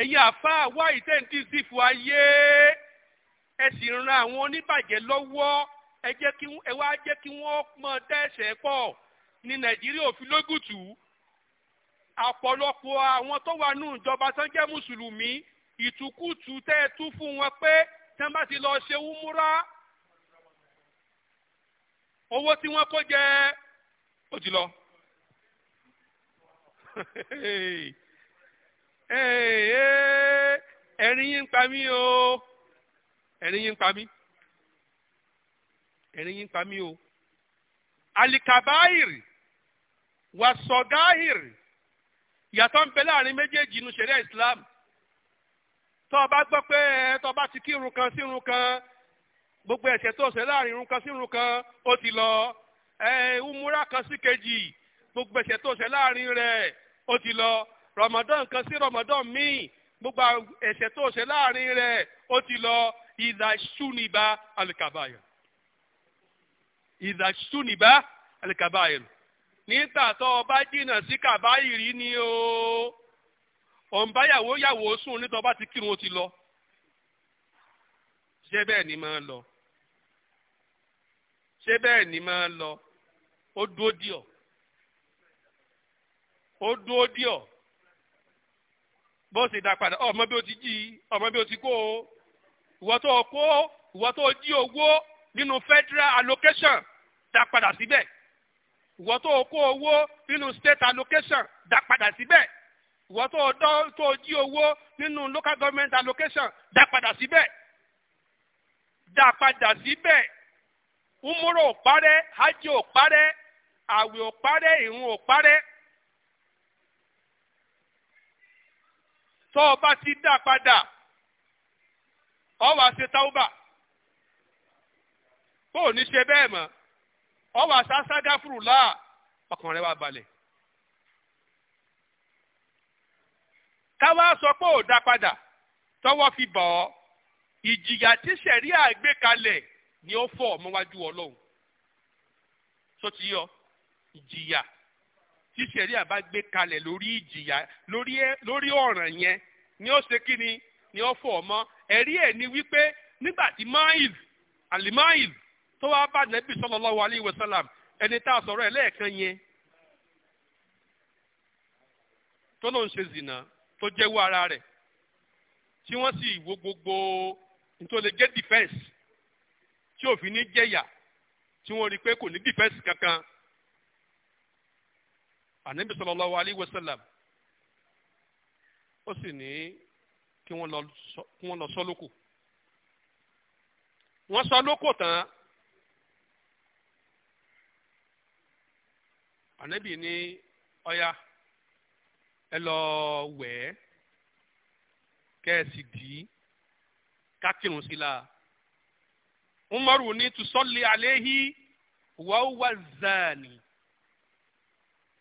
A: ẹ̀yin àfáà wá ìtẹ́ǹtì sí fún ayé ẹ sì ran àwọn oníbàjẹ́ lọ́wọ́ ẹ jẹ́ kí ẹ wá jẹ́ kí wọ́n mọ dẹ́sẹ̀ pọ̀ ní nàìjíríà òfin lógùtù ọ̀pọ̀lọpọ̀ àwọn tó wà nù ìjọba tó ń jẹ́ mùsùlùmí ìtukùtù tẹ́ ẹ tú fún wọn pé tí wọ́n bá ti lọ ṣe wúmúrá owó tí wọn kó jẹ ó ti lọ. ẹ̀rín yín pa mí o ẹ̀rín yín pa mí yín pa mí o alikabair wasọgáhìr yàtọ̀ ń bẹ láàrin méjèèjì inú ṣẹ̀ríà Islam tó o bá gbọ́ pé tó o bá ti kírun kan sírun kan gbogbo ẹ̀ṣẹ̀ tó ṣẹ̀ láàrin irun kan sí irun kan ó ti lọ ẹ̀ umura kan sí kejì gbogbo ẹ̀ṣẹ̀ tó ṣẹ̀ láàrin rẹ̀ ó ti lọ rọmọdán kan sí rọmọdán míì gbogbo ẹ̀ṣẹ̀ tó ṣẹ̀ láàrin rẹ̀ ó ti lọ ìdàṣúnìbá alikabayọ ìdàṣúnìbá alikabayọ nígbà tó o bá jìnnà sí kàbáyìrì ni o òǹbáyàwó yàwó sùn nítorí ọba ti kírun ó ti lọ ṣé bẹ́ẹ̀ ni máa ń lọ ṣé bẹ́ẹ̀ ni máa lọ ó dúó díọ̀ ó dúó díọ̀ bó ṣe dá padà ọmọ bí ó ti jí ọmọ bí ó ti kó o ìwọ tó kó ìwọ tó jí owó nínú federal allocation dá padà síbẹ̀ ìwọ tó kó owó nínú state allocation dá padà síbẹ̀ ìwọ tó dọ́ tó jí owó nínú local government allocation dá padà síbẹ̀ dá padà síbẹ̀ umuro ò parẹ́ hajj ò parẹ́ àwẹ̀ ò parẹ́ ìrun ò parẹ́. tọ́ ọ bá ti dá padà ọ wàá ṣe táwùbà kó o ní ṣe bẹ́ẹ̀ mọ́ ọ wàá láà ọkàn rẹ wàá balẹ̀. táwa sọ pé ò dá padà tọwọ́ fi bọ̀ ọ́ ìjìyà tí sẹ̀ríà gbé kalẹ̀ ni ó fọ̀ mọ́wájú ọlọ́run tó ti yọ ìjìyà tí sẹ̀ríà bá gbé kalẹ̀ lórí ìjìyà lórí ọ̀ràn yẹn ni ó ṣe kí ni ni ó fọ̀ mọ́ ẹ̀rí ẹ̀ ni wípé nígbà tí máìl àlìmáìl tó wá bá nẹ́bí sallallahu alayhi wa sallam ẹni tá a sọ̀rọ̀ ẹ̀ lẹ́ẹ̀kan yẹn tó ló ń ṣe zìnà tó jẹ́wọ́ ara rẹ̀ tí wọ́n sì wo gbogbo nítorí gé defense tí òfin ní jẹ̀yà tí wọ́n rí i pé kò ní dìfẹ́ǹsì kankan ànábì sallallahu alayhi wa sallam ó sì ní kí wọ́n lọ sọ lóko wọ́n sọ lóko tán ànábì ní ọya ẹ lọ wẹ̀ ẹ́ kẹ́ ẹ sì dì í ká sí la umaru ní tusọ́lì àléhì wàhùwà zani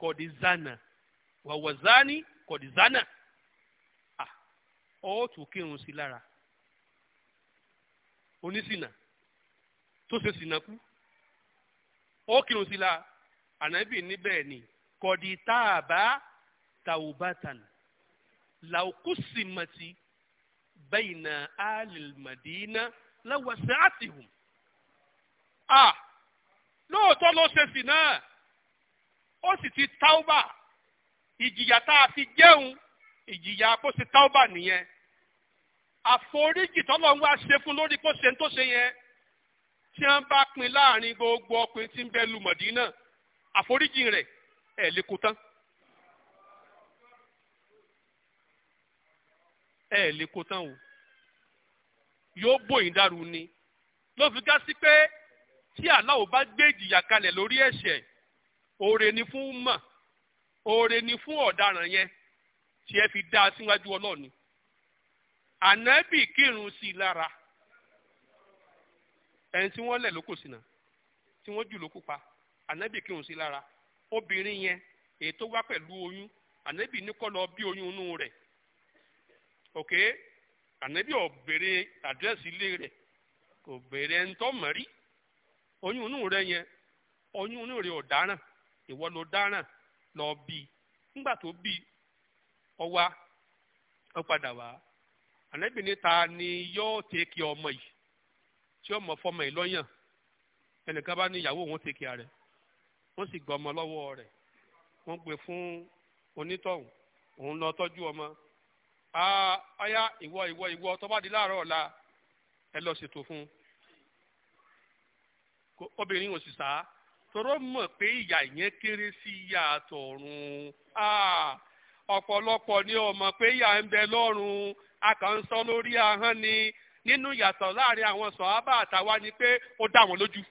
A: kọ̀dí zana wàhùwà zani kọ̀dí zana ó tún kírun sí lára onísìnà tó ṣe sìnà kú ó kírun sí lára ànábì níbẹ̀ ni kọ̀dí tààbà tàwùbátàn làókùsìmọ̀tì bẹ́yìnà alìlmọ̀dínà lọ́wọ́ sẹ́àtìhùn à lóòótọ́ ló ṣe sì náà ó sì ti táúbà ìjìyà tá a fi jẹun ìjìyà kó ṣe táúbà nìyẹn àforíjì tọ́lọ́ ń wá ṣe fún lórí kó ṣe ń tó ṣe yẹn tí wọ́n bá pín láàrin gbogbo ọkùnrin tí ń bẹ lu Mọ̀dínà àforíjì rẹ̀ ẹ̀ lè kó tán. ẹ̀ lè kó tán o yóò bòyìn dàrú ni ló fi gá sí pé tí aláwo bá gbé ìjìyà kalẹ̀ lórí ẹ̀ṣẹ̀ oore ni fún mọ̀ oore ni fún ọ̀daràn yẹn tí ẹ fi dá a síwájú ọlọ́ọ̀ni ànábì kírun sí i lára ẹni tí wọ́n lẹ̀ ló kò sínà tí wọ́n jù ló pa ànábì kírun sí i lára obìnrin yẹn èyí tó wá pẹ̀lú oyún ànábì ní lọ bí oyún inú rẹ̀ òkè ànábì ò àdírẹ́sì ilé rẹ̀ kò béèrè ẹni tó mọ̀ oyún inú rẹ yẹn oyún inú rẹ ò dáràn ìwọ na dáràn mgbata obi nígbà tó bí ọ wá ọ ni yóò tẹ́kì ọmọ yi tí ọmọ fọmọ yìí lọ́yàn ẹnìkan bá ní ìyàwó òun tẹ́kì rẹ̀ wọ́n sì gbọ́ ọmọ lọ́wọ́ rẹ̀ wọ́n gbé fún onítọhún òun lọ tọjú ọmọ ọyá ìwọ ìwọ ìwọ tó bá di láàárọ̀ ọ̀la ẹ lọ ṣètò fún un. obìnrin ò sì sá tọrọ mọ̀ pé ìyà yẹn kéré sí ìyà tọ̀run ọ̀pọ̀lọpọ̀ ni ó mọ̀ pé ìyà ń bẹ lọ́run a kàn ń sọ lórí ahọ́n ni nínú ìyàtọ̀ láàrin àwọn sọ̀hábà àtàwa ni pé ó dá wọn lójú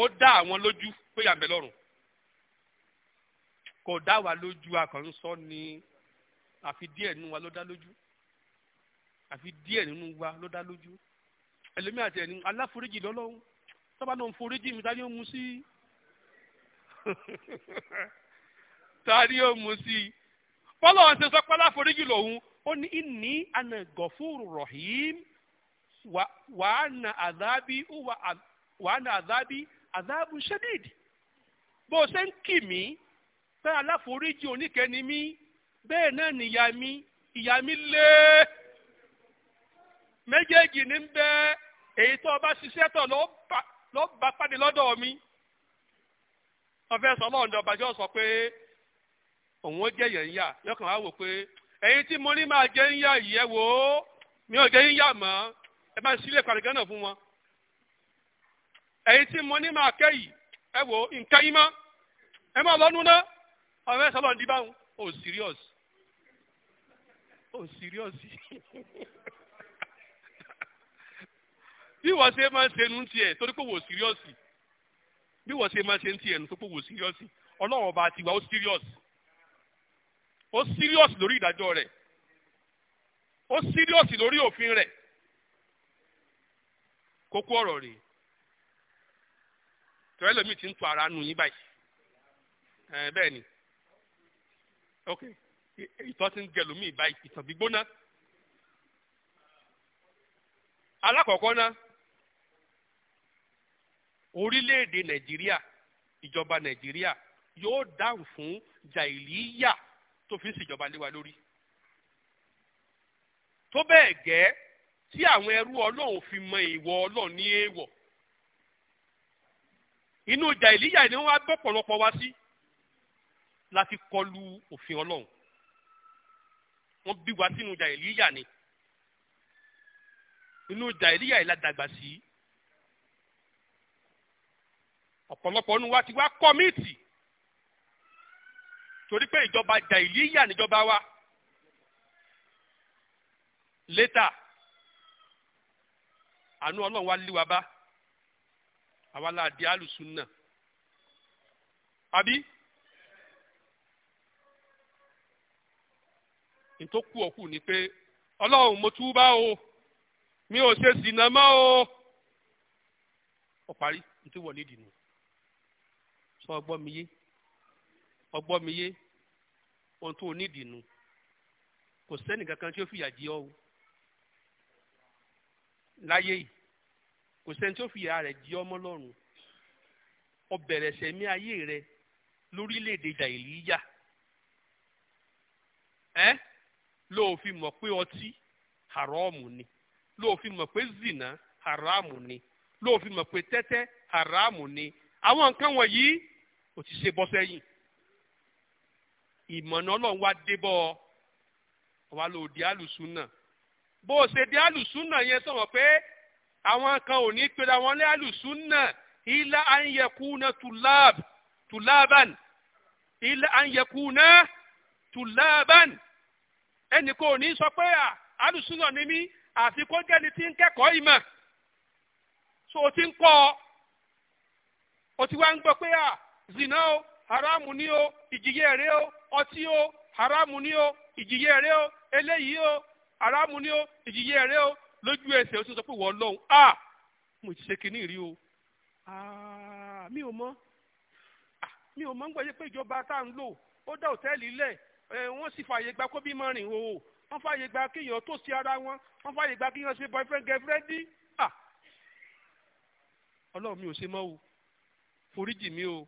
A: ó dá àwọn lójú pé ìyà ń bẹ lọ́run kò dá wa lójú a kàn ń sọ ni àfi díẹ̀ nínú wa ló dá lójú àfi díẹ̀ nínú wa ló dá lójú ẹlẹ́mí àti ẹni aláforíjì lọ́lọ́run sábà náà ń foríjì mi táyé ó mu sí (laughs) táyé ó mu sí bọ́lá ọ̀hún ṣe sọ pé aláforíjì lòun ó ní ìní àna gọ̀fúrù rọ̀hìm wàá na àdábì wàá na àdábì àdábù ṣẹ́díd bó ṣe ń kì mí pé aláforíjì oníkẹ́ni mi bẹ́ẹ̀ náà nìyá mi ìyá mi lé méjèèjì ní bẹ́ẹ̀. èyí tó ọba ṣiṣẹ́ tọ̀ ló bá pàdé lọ́dọ̀ mi wọ́n fẹ́ sọ lọ́ọ̀dọ̀ bàjẹ́ sọ pé òun ó jẹ́ yẹn ń yà lọ́kàn wá wò pé èyí tí mo máa ẹ wò ó mi ò jẹ́ ń yà mọ́ ẹ máa gánà fún wọn èyí tí mo máa kẹ́ yìí ẹ wò ó nǹkan yín mọ́ ẹ máa lọ́nu ná báwọn ò ò bí wọ́n ṣe máa ń ṣe nu tiẹ̀ torí pé wò síríọ́sì bí wọ́n ṣe máa ṣe ń tiẹ̀ nu tó pé wò síríọ́sì ọlọ́run ọba àtiwá ó síríọ́sì ó síríọ́sì lórí ìdájọ́ rẹ̀ ó síríọ́sì lórí òfin rẹ̀ kókó ọ̀rọ̀ rèé tọ́lẹ̀ mi ti ń tu ara nu yín báyìí ẹ̀ bẹ́ẹ̀ ni ok ìtọ́ ti ń jẹ lómi báyìí ìtàn gbígbóná alákọ̀ọ́kọ́ náà orílẹ̀-èdè nàìjíríà ìjọba nàìjíríà yóò dáhùn fún jàìlíyà tó fi ń ṣèjọba lé wa lórí tó bẹ́ẹ̀ gẹ́ tí àwọn ẹrú ọlọ́run fi mọ ìwọ ọlọ́run ní èèwọ̀ inú jàìlíyà ni wọ́n á gbọ́ pọ̀lọpọ̀ wá sí láti kọlu òfin ọlọ́run wọ́n bí wa sínú jàìlíyà ni inú jàìlíyà yìí Si ọ̀pọ̀lọpọ̀ nu wa ti wá kọ́míìtì torí pé ìjọba jàìlíyà níjọba wa létà àánú ọlọ́run wa lé wa bá àwa la di alùsùn náà àbí ntókù ọ̀kù ni pé ọlọ́run mo túbá o mi ò ṣe sìnà o ó parí nítorí wọ́n nídìí nù sọ ọgbọ́n mi yé ọgbọ́n mi yé ohun tó o nídìí nu kò sẹ́ni kankan tí ó fìyà jẹ ọ́ o láyé yìí kò sẹ́ni tí ó fìyà rẹ̀ jẹ ọmọ lọ́rùn ó bẹ̀rẹ̀ sẹ́mi ayé rẹ̀ lórílẹ̀‐èdè jàìlíyà ẹ́ ló mọ̀ pé ọtí haramu ni ló mọ̀ pé zina haramu ni ló mọ̀ pé tẹ́tẹ́ haramu ni àwọn nǹkan wọ̀nyí o ti ṣe bọ́ sẹ́yìn ìmọ̀nà ọlọ́run wá dé bọ́ ọ wá lò di àlùsùnà bó o ṣe di àlùsùnà yẹn sọ̀rọ̀ pé àwọn kan ò ní pera wọn lé àlùsùnà ilá ànyẹ̀kúnà tùláb tùlábàn ilá ànyẹ̀kúnà tùlábàn ẹnì kan ò ní sọ pé àlùsùnà ni mí àfi kó jẹ́ni tí ń kẹ́kọ̀ọ́ ìmọ̀ so o ti ń kọ́ ọ o ti wá ń gbọ́ pé à zina o haramu ni o ìjìyà èrè o ọtí o haramu ni o ìjìyà èrè o eléyìí o haramu ni o ìjìyà èrè o lójú ẹsẹ̀ o ti sọ pé wọ́n lọ́hùn a mo ti ṣe kinní rí o mi ò mọ̀ mi ò mọ̀ ń gbọ́dọ̀ pé ìjọba tá à ń lò ó dá òtẹ́ẹ̀lì lẹ̀ wọ́n sì fààyè gba kó bí mọ́rin o wọ́n fààyè gba kéèyàn tó sí ara wọn wọ́n fààyè gba kéèyàn ṣe boyfriend girlfriend ọlọ́run mi ò ṣe mọ́ o foríjì mi o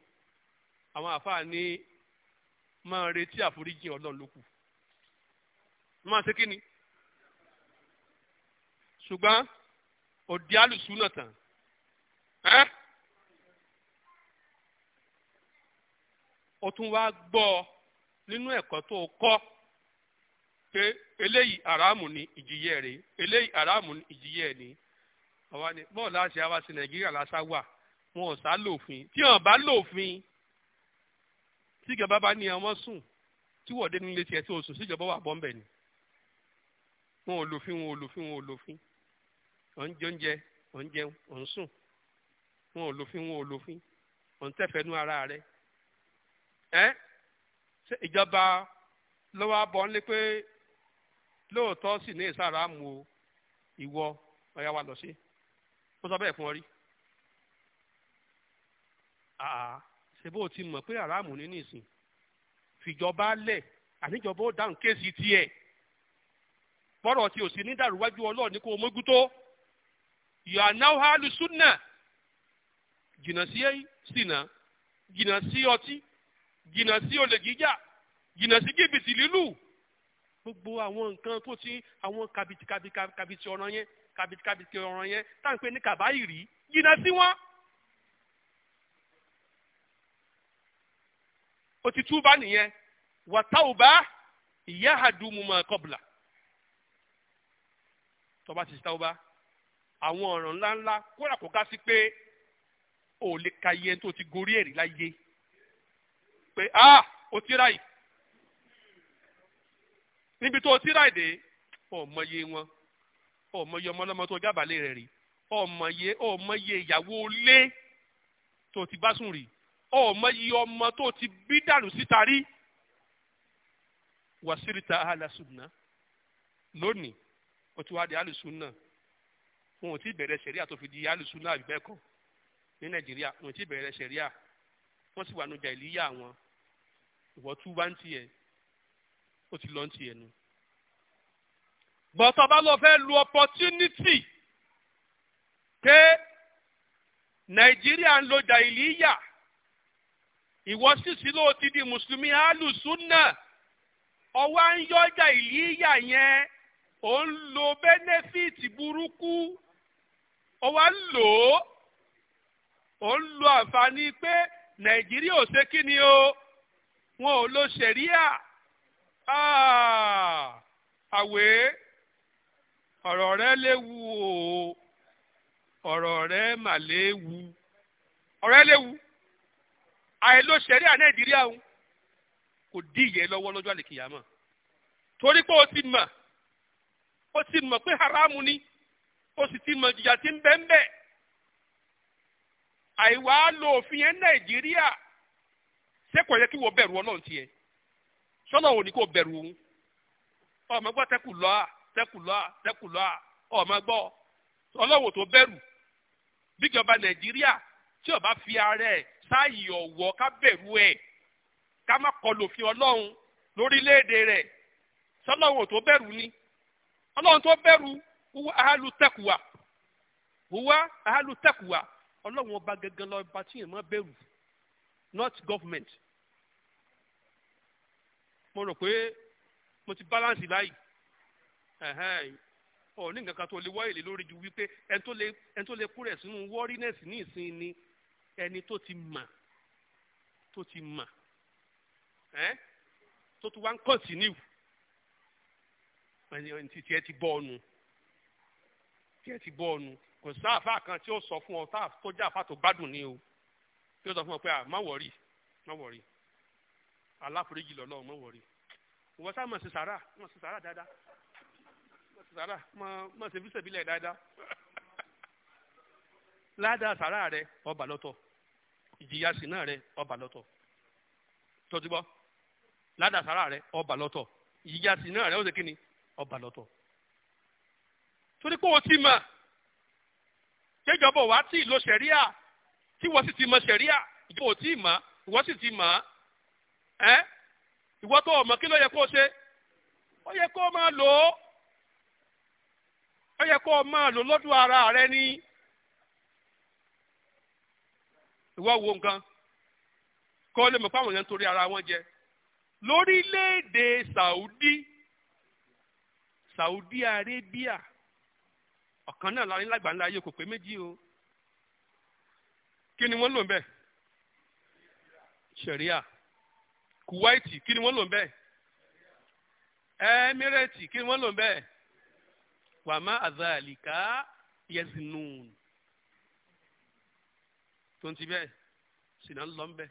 A: àwọn àfáà ní máa retí àforíjì ọlọ́run ló kù máa ṣe kí ni ṣùgbọ́n òdi alùsùnà tán ẹ́ o tún wá gbọ́ nínú ẹ̀kọ́ tó kọ́ pé eléyìí àràmù ni ìjìyẹ́ rẹ̀ eléyìí àràmù ni ìjìyẹ́ ni àwa ni bọ́ọ̀lù àṣẹ àwa sí nàìjíríà lásà wà wọn ò sá lòfin tí wọn bá lòfin tíjọba bá ní àwọn sùn tí wọ́n dé nílé tiẹ̀ tí o sùn síjọba wà bọ́ ńbẹ̀ ni wọn ò lòfin wọn ò lòfin wọn ò lòfin ọ̀ ń jẹunjẹ ọ̀ ń jẹun ọ̀ ń sùn wọn ò lòfin wọn ò lòfin ọ̀ ń tẹ̀fẹ̀nú ara rẹ̀ ẹ́ ṣe ìjọba lọ́wọ́ abọ́ ńlé pé lóòótọ́ sì ní ìsára mu ìwọ ọ̀yá wa lọ sí ó sọ bẹ́ẹ̀ fún ọ rí ṣe bó o ti mọ̀ pé aráàmù ní nìsín fìjọba lẹ̀ àníjọba ó dáhùn kéèsì tiẹ̀ bọ́rọ̀ tí ò sí ní dàrúwájú ọlọ́ọ̀ ní kó o mójú tó yọ̀ọ̀náwó alùsùnà jìnnà sí ṣìnà jìnnà sí ọtí jìnnà sí olè jíjà jìnnà sí jìbìtì lílù gbogbo àwọn nǹkan tó ti àwọn kàbìtì kàbìtì ọ̀ràn yẹn kàbìtì kàbìtì ọ̀ràn yẹn táǹpẹ́ ní kàbáyìrì jìnnà sí wọn. o ti túbá nìyẹn wàtáwùbá ìyá àdúmùmọ̀ kọ́bùlà tọba ti táwùbá àwọn ọ̀ràn ńláńlá kóra kó ká sí pé ò lè ka iye tó ti gorí ẹ̀rí láyé pé a ah, o ti ráì níbi tó o ti ráì dé ọmọye wọn ọmọye ọmọlọmọ tó jábàálẹ̀ rẹ̀ rí ọmọye ọmọye ìyàwó ilé tó ti bá sùn rí ọmọ yìí ọmọ tó ti bí dànù síta rí wàsíríta alásùnà lónìí ó ti wá di alùsùnà wọn ò tí bẹ̀rẹ̀ sẹ̀ríà tó fi di alùsùnà àbí bẹ́ẹ̀ kọ́ ní nàìjíríà wọn ò tí bẹ̀rẹ̀ sẹ̀ríà wọ́n sì wà nù jà ìlíyà wọn ìwọ́ tú bá ń tiẹ̀ ó ti lọ́ ń tiẹ̀ nu. bọ́tọ̀ bá lọ fẹ́ lu opportunity pé nàìjíríà ń lo jà ìlíyà ìwọ sísí ló ti di mùsùlùmí alùsùnà ọwọ́ à ń yọjà ìlíyà yẹn ò ń lo bẹ́nẹ́fìtì burúkú ọwọ́ à ń lò ó ò ń lo àǹfààní pé nàìjíríà ò ṣe kí ni o wọn ò lo ṣẹ̀ríà ah, àwẹ̀ ọ̀rọ̀ rẹ léwu o ọ̀rọ̀ rẹ mà léwu ọ̀rọ̀ léwu. àìlò sẹ̀ríà nàìjíríà ń kò dí ìyẹn lọ́wọ́ lọ́jọ́ àlèkìyàmọ̀ torí pé o ti mọ̀ o ti mọ̀ pé haramu ni o sì ti mọ̀ jìyà ti ń bẹ ń bẹ àìwá lo òfin yẹn nàìjíríà ṣé kò yẹ kí wọ́n bẹ̀rù ọlọ́run tiẹ̀ sọ́nà òní kò bẹ̀rù òun ọmọ gbọ́ tẹ́kù lọ́à tẹ́kù lọ́à tẹ́kù lọ́à ọmọ gbọ́ ọlọ́wọ́ tó bẹ̀rù bíjọba nàìjíríà tí bá fi ara ẹ̀ sáàyè ọ̀wọ́ ká bẹ̀rù ẹ̀ ká má kọlù òfin ọlọ́run lórílẹ̀‐èdè rẹ̀ sọlọ́run tó bẹ̀rù ni ọlọ́run tó bẹ̀rù huwa ahalu taqwa huwa ahalu taqwa ọlọ́run ọba gangan lọ bá tíyẹn mọ́ bẹ̀rù not government mo rò pé mo ti balance láyìí ọ̀ ní nǹkan kan tó lè wọ́ èlé lórí ju wípé ẹni tó lè kúrẹ̀ sínú wọ́rínẹ̀sì ní ni. ẹni tó ti mà tó ti mà ẹ́ tó tún wá ń kọ́ntínú ẹni tí tiẹ̀ ti bọ́ ọ̀nù tiẹ̀ ti bọ́ ọ̀nù kò sáàfà kan tí ó sọ fún ọ tó jẹ́ àfà tó gbádùn ní o tí ó sọ fún ọ pé à má wọ̀rí má wọ̀rí aláforíjì lọ́lọ́ má wọ̀rí ìwọ sáà mọ̀ sí sàrà mọ̀ sí sàrà dáadáa mọ̀ sí sàrà mọ̀ sí fíṣẹ̀bílẹ̀ dáadáa (laughs) ládàá sàrà rẹ ọba lọ́tọ̀. ìjìyà sínà rẹ ọba ládàsára rẹ ọba lọ́tọ̀ ìjìyà sínà rẹ ó ọba lọ́tọ̀ torí pé ti tí lo ṣẹ̀ríà tí sì ti ìjọba ò tí ì mọ̀ ìwọ́n sì ti mọ̀ ìwọ tó kí ló yẹ o ṣe ó yẹ kó o máa lò ó yẹ o máa lò lọ́dún ara rẹ ni. ìwọ wo nǹkan kọ́ lè mọ̀ fáwọn èèyàn torí ara wọn jẹ lórílẹ̀ Saudi Saudi Arabia ọ̀kan náà láàrin lágbà ńlá ayé kò pé méjì o kí ni wọ́n lò ń bẹ̀ Sharia Kuwaiti kí ni wọ́n lò ń bẹ̀ Emirati kí ni wọ́n lò ń bẹ̀ wàmà àzàlìkà yẹzinun tó ń ti bẹ́ẹ̀ ṣìnà ń lọ ń bẹ́ẹ̀.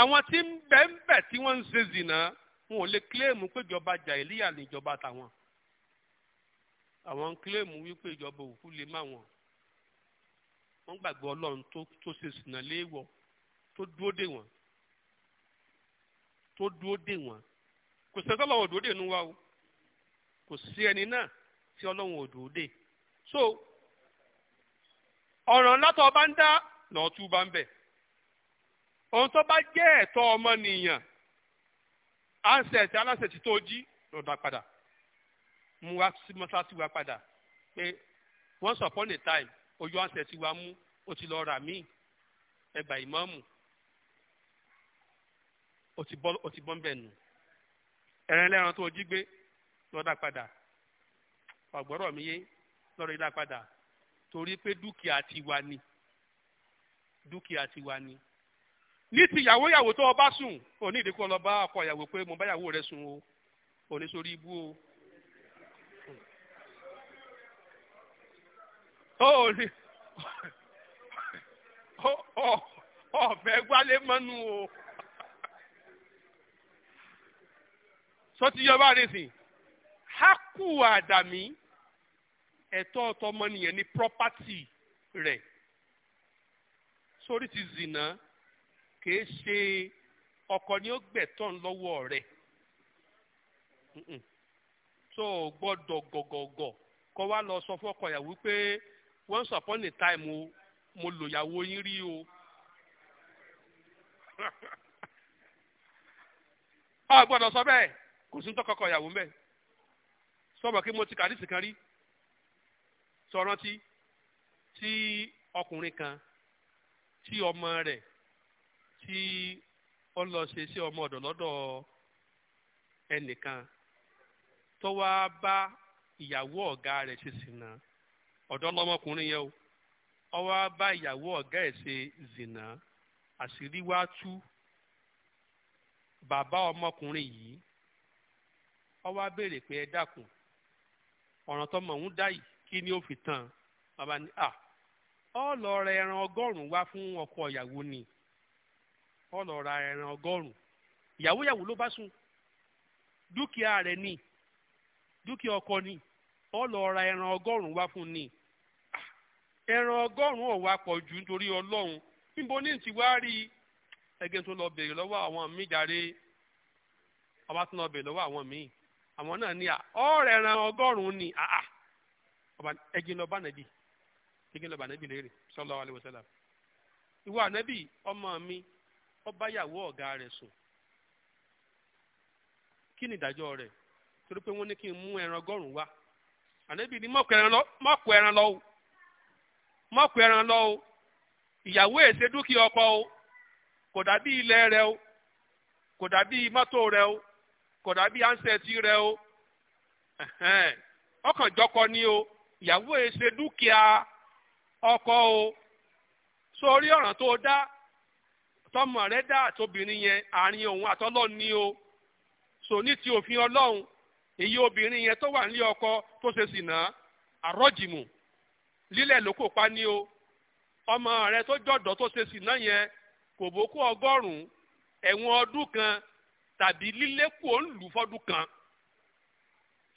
A: àwọn tí ń bẹ ń bẹ tí wọ́n ń ṣe zìnà wọn ò lè kílèmù pé ìjọba jàìlíyà ní ìjọba tàwọn àwọn ń kílèmù wípé ìjọba òkú lè má wọn wọ́n gbàgbọ́ ọlọ́run tó ṣe zìnà léèwọ̀ tó dúró dè wọ́n tó dúró dè wọ́n kò sẹ́ńtọ́ lọ́wọ́ dúró dè nu wa o kò sí ẹni náà tí ọlọ́run ò dúró dè so ọ̀ràn látọ̀ bá ń dá lọ́ọ́ tú bá ń bẹ̀ ohun tó bá jẹ́ ẹ̀tọ́ ọmọnìyàn ansẹ̀tì alásẹ̀tì tó jí lọ́dà padà mú wa sí mọ́sáàsì wa padà pé once upon a time ojú ansẹ̀tì wa mú ó ti lọ rà míì ẹgbà ìmọ̀ọ́mù ó ti bọ́ ń bẹ̀ nù ẹ̀rẹ́lẹ́ran tó jí gbé lọ́dà padà ọ̀gbọ́rọ̀ mi yé lọ́rọ̀ ilá padà torí pé dúkìá tiwa ni dúkìá tiwa ni ní ti ìyàwó ìyàwó tó o bá sùn ò ní ìdíkọ́ lọ bá ọkọ ìyàwó pé mo bá ìyàwó rẹ sùn o ò ní sórí ibú o. ó ọ̀fẹ́ gbálé mọ́nú o. sọ ti yọ bá rè sìn hákù àdàmí ẹ̀tọ́ ọ̀tọ́mọnìyàn ní property rẹ̀ sórí ti zìnà kìí ṣe ọkọ ni ó gbẹ̀tọ́ lọ́wọ́ rẹ̀ tó o gbọ́dọ̀ gọ̀gọ̀gọ̀ kó wá lọ sọ fún ọkọ ìyàwó pé once upon a time mo mo lòyàwó yín rí o ọ (laughs) gbọ́dọ̀ sọ bẹ́ẹ̀ kò sí ń tọkọkọ ìyàwó mẹ sọ ma kí mo ti kàdísì kan rí sọrántí tí ọkùnrin kan tí ọmọ rẹ̀ tí ó lọ ṣe sí ọmọ ọ̀dọ̀ lọ́dọ̀ ẹnìkan tó wá bá ìyàwó ọ̀gá rẹ̀ ṣe sìnà ọ̀dọ́ lọ́mọkùnrin yẹn o ó wá bá ìyàwó ọ̀gá ẹ̀ ṣe zìnà àṣírí wá tú bàbá ọmọkùnrin yìí ó wá béèrè pé ẹ dákun ọ̀ràn tọmọ òun dá yìí kí ni ó fi tán bàbá ní à ó lọ ra ẹran ọgọ́rùn-ún wá fún ọkọ ìyàwó ni ó lọ ra ẹran ọgọ́rùn-ún ìyàwó ìyàwó ló bá sùn dúkìá rẹ̀ ni dúkìá ọkọ ni ó lọ ra ẹran ọgọ́rùn-ún wá fún ni ẹran ọgọ́rùn-ún ọ̀wá pọ̀ jù nítorí ọlọ́run níbo ní ti wá rí ẹgẹ tó lọ bèrè lọ́wọ́ àwọn míì jàre ọba tó lọ bèrè lọ́wọ́ àwọn míì àwọn náà ní à ọ̀rẹ́ ẹran ọgọ́rùn ni àà. ọba ẹgin lọ bá nàbì ẹgin lọ bá ọmọ mi ọ bá yàwó ọ̀gá rẹ̀ sùn kí ni ìdájọ́ rẹ̀ torí pé wọn ní kí n mú ẹran ọgọ́rùn wá ànábì ni mọ̀kù ẹran lọ mọ̀kù ẹran lọ o mọ̀kù ẹran lọ o ìyàwó èsè dúkìá ọkọ o kò dàbí ilẹ̀ rẹ o kò dàbí mọ́tò rẹ o kò dàbí ansẹ́tì rẹ o ọkàn jọkọ ni o ìyàwó ẹ ṣe dúkìá ọkọ o sórí ọ̀ràn tó dá tọmọ rẹ dá àtobìnrin yẹn àárín òun àtọlọ́run ni o so ní ti òfin ọlọ́run èyí obìnrin yẹn tó wà nílé ọkọ tó ṣe sìnà àrọ́jìmù lílẹ̀ ló kò pa ni o ọmọ rẹ tó jọ̀dọ̀ tó ṣe sìnà yẹn kò bókú ọgọ́rùn-ún ẹ̀wọ̀n ọdún kan tàbí lílẹ̀kùn òǹlù fọ́dún kan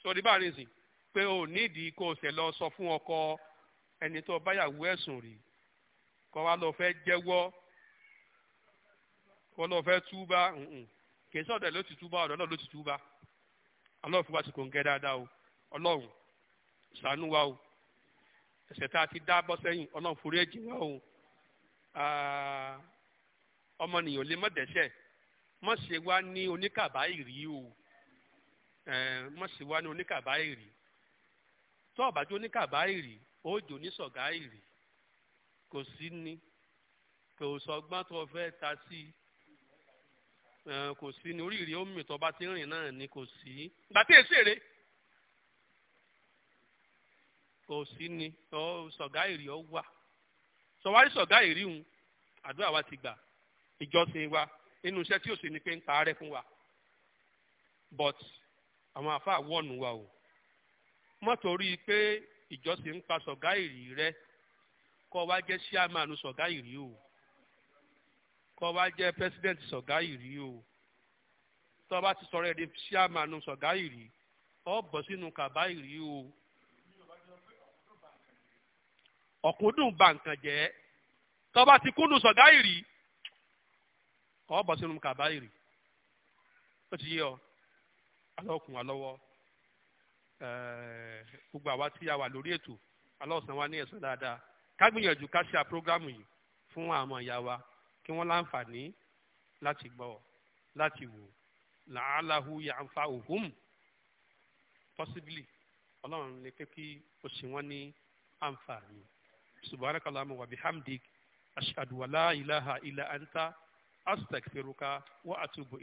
A: sọ̀rí bá rìn sìn pé o nídìí kó o ṣe lọ sọ fún ọkọ ẹni tó báyàwó ẹ̀sùn rí kó wa lọ fẹ́ jẹ́wọ́ kó lọ fẹ́ túbá kì í sọ̀dọ̀ ló ti túbá ọ̀dọ̀ náà ló ti túbá ọlọ́run fún wa sì kò ń gẹ́ dáadáa o ọlọ́run ṣàánú wa o ẹ̀ṣẹ̀ tá a ti dá bọ́ sẹ́yìn ọlọ́run forí ẹ̀jìn wa o ah, ọmọnìyàn lè má dẹ́ṣẹ̀ má ṣe wá ní oníkàbáyìrí o eh, má ṣe wá ní oníkàbáyìrí tó o bá jó ní kàbáìrì ó jò ní kò sí ní kò sọgbọ́n tó fẹ́ ta sí kò sí oríire omi tó bá ti rìn náà ni kò sí èsì èrè kò sí wà ń àdúrà wa ti gbà ìjọsìn wa nínú iṣẹ́ tí ó sì ní pé ń parẹ́ fún wa but àwọn àfa wọ̀nù wa mọ́ torí pé ìjọsìn ń pa sọ̀gá ìrì rẹ kọ́ wá jẹ́ ṣíàmánu sọ̀gá ìrì o kọ́ wá jẹ́ pẹ́sidẹ́ǹtì sọ̀gá ìrì o tọ́ bá ti sọ̀rọ̀ ẹ̀dẹ̀ ṣíàmánu sọ̀gá ìrì ọ bọ̀ sínú kàbá ìrì o ọ̀kúndùn bà jẹ́ tọ́ bá ti kúndùn sọ̀gá ìrì ọ bọ̀ sínú kàbá ìrì ó ti yé ọ alọ́kùn alọ́wọ́. Eh, gbogbo àwa tí a wà lórí ètò alọ́sàn wa ní ẹ̀sán dáadáa ká gbìyànjú ká ṣe àpọ́grámù yìí fún àwọn ìyá wa kí wọ́n láǹfààní láti gbọ́ láti wò làálàhù yàǹfà òhùn possibly ọlọ́run lè pé kí o sì wọ́n ní àǹfààní wa bihamdik ilaha illa anta astaghfiruka wa atubu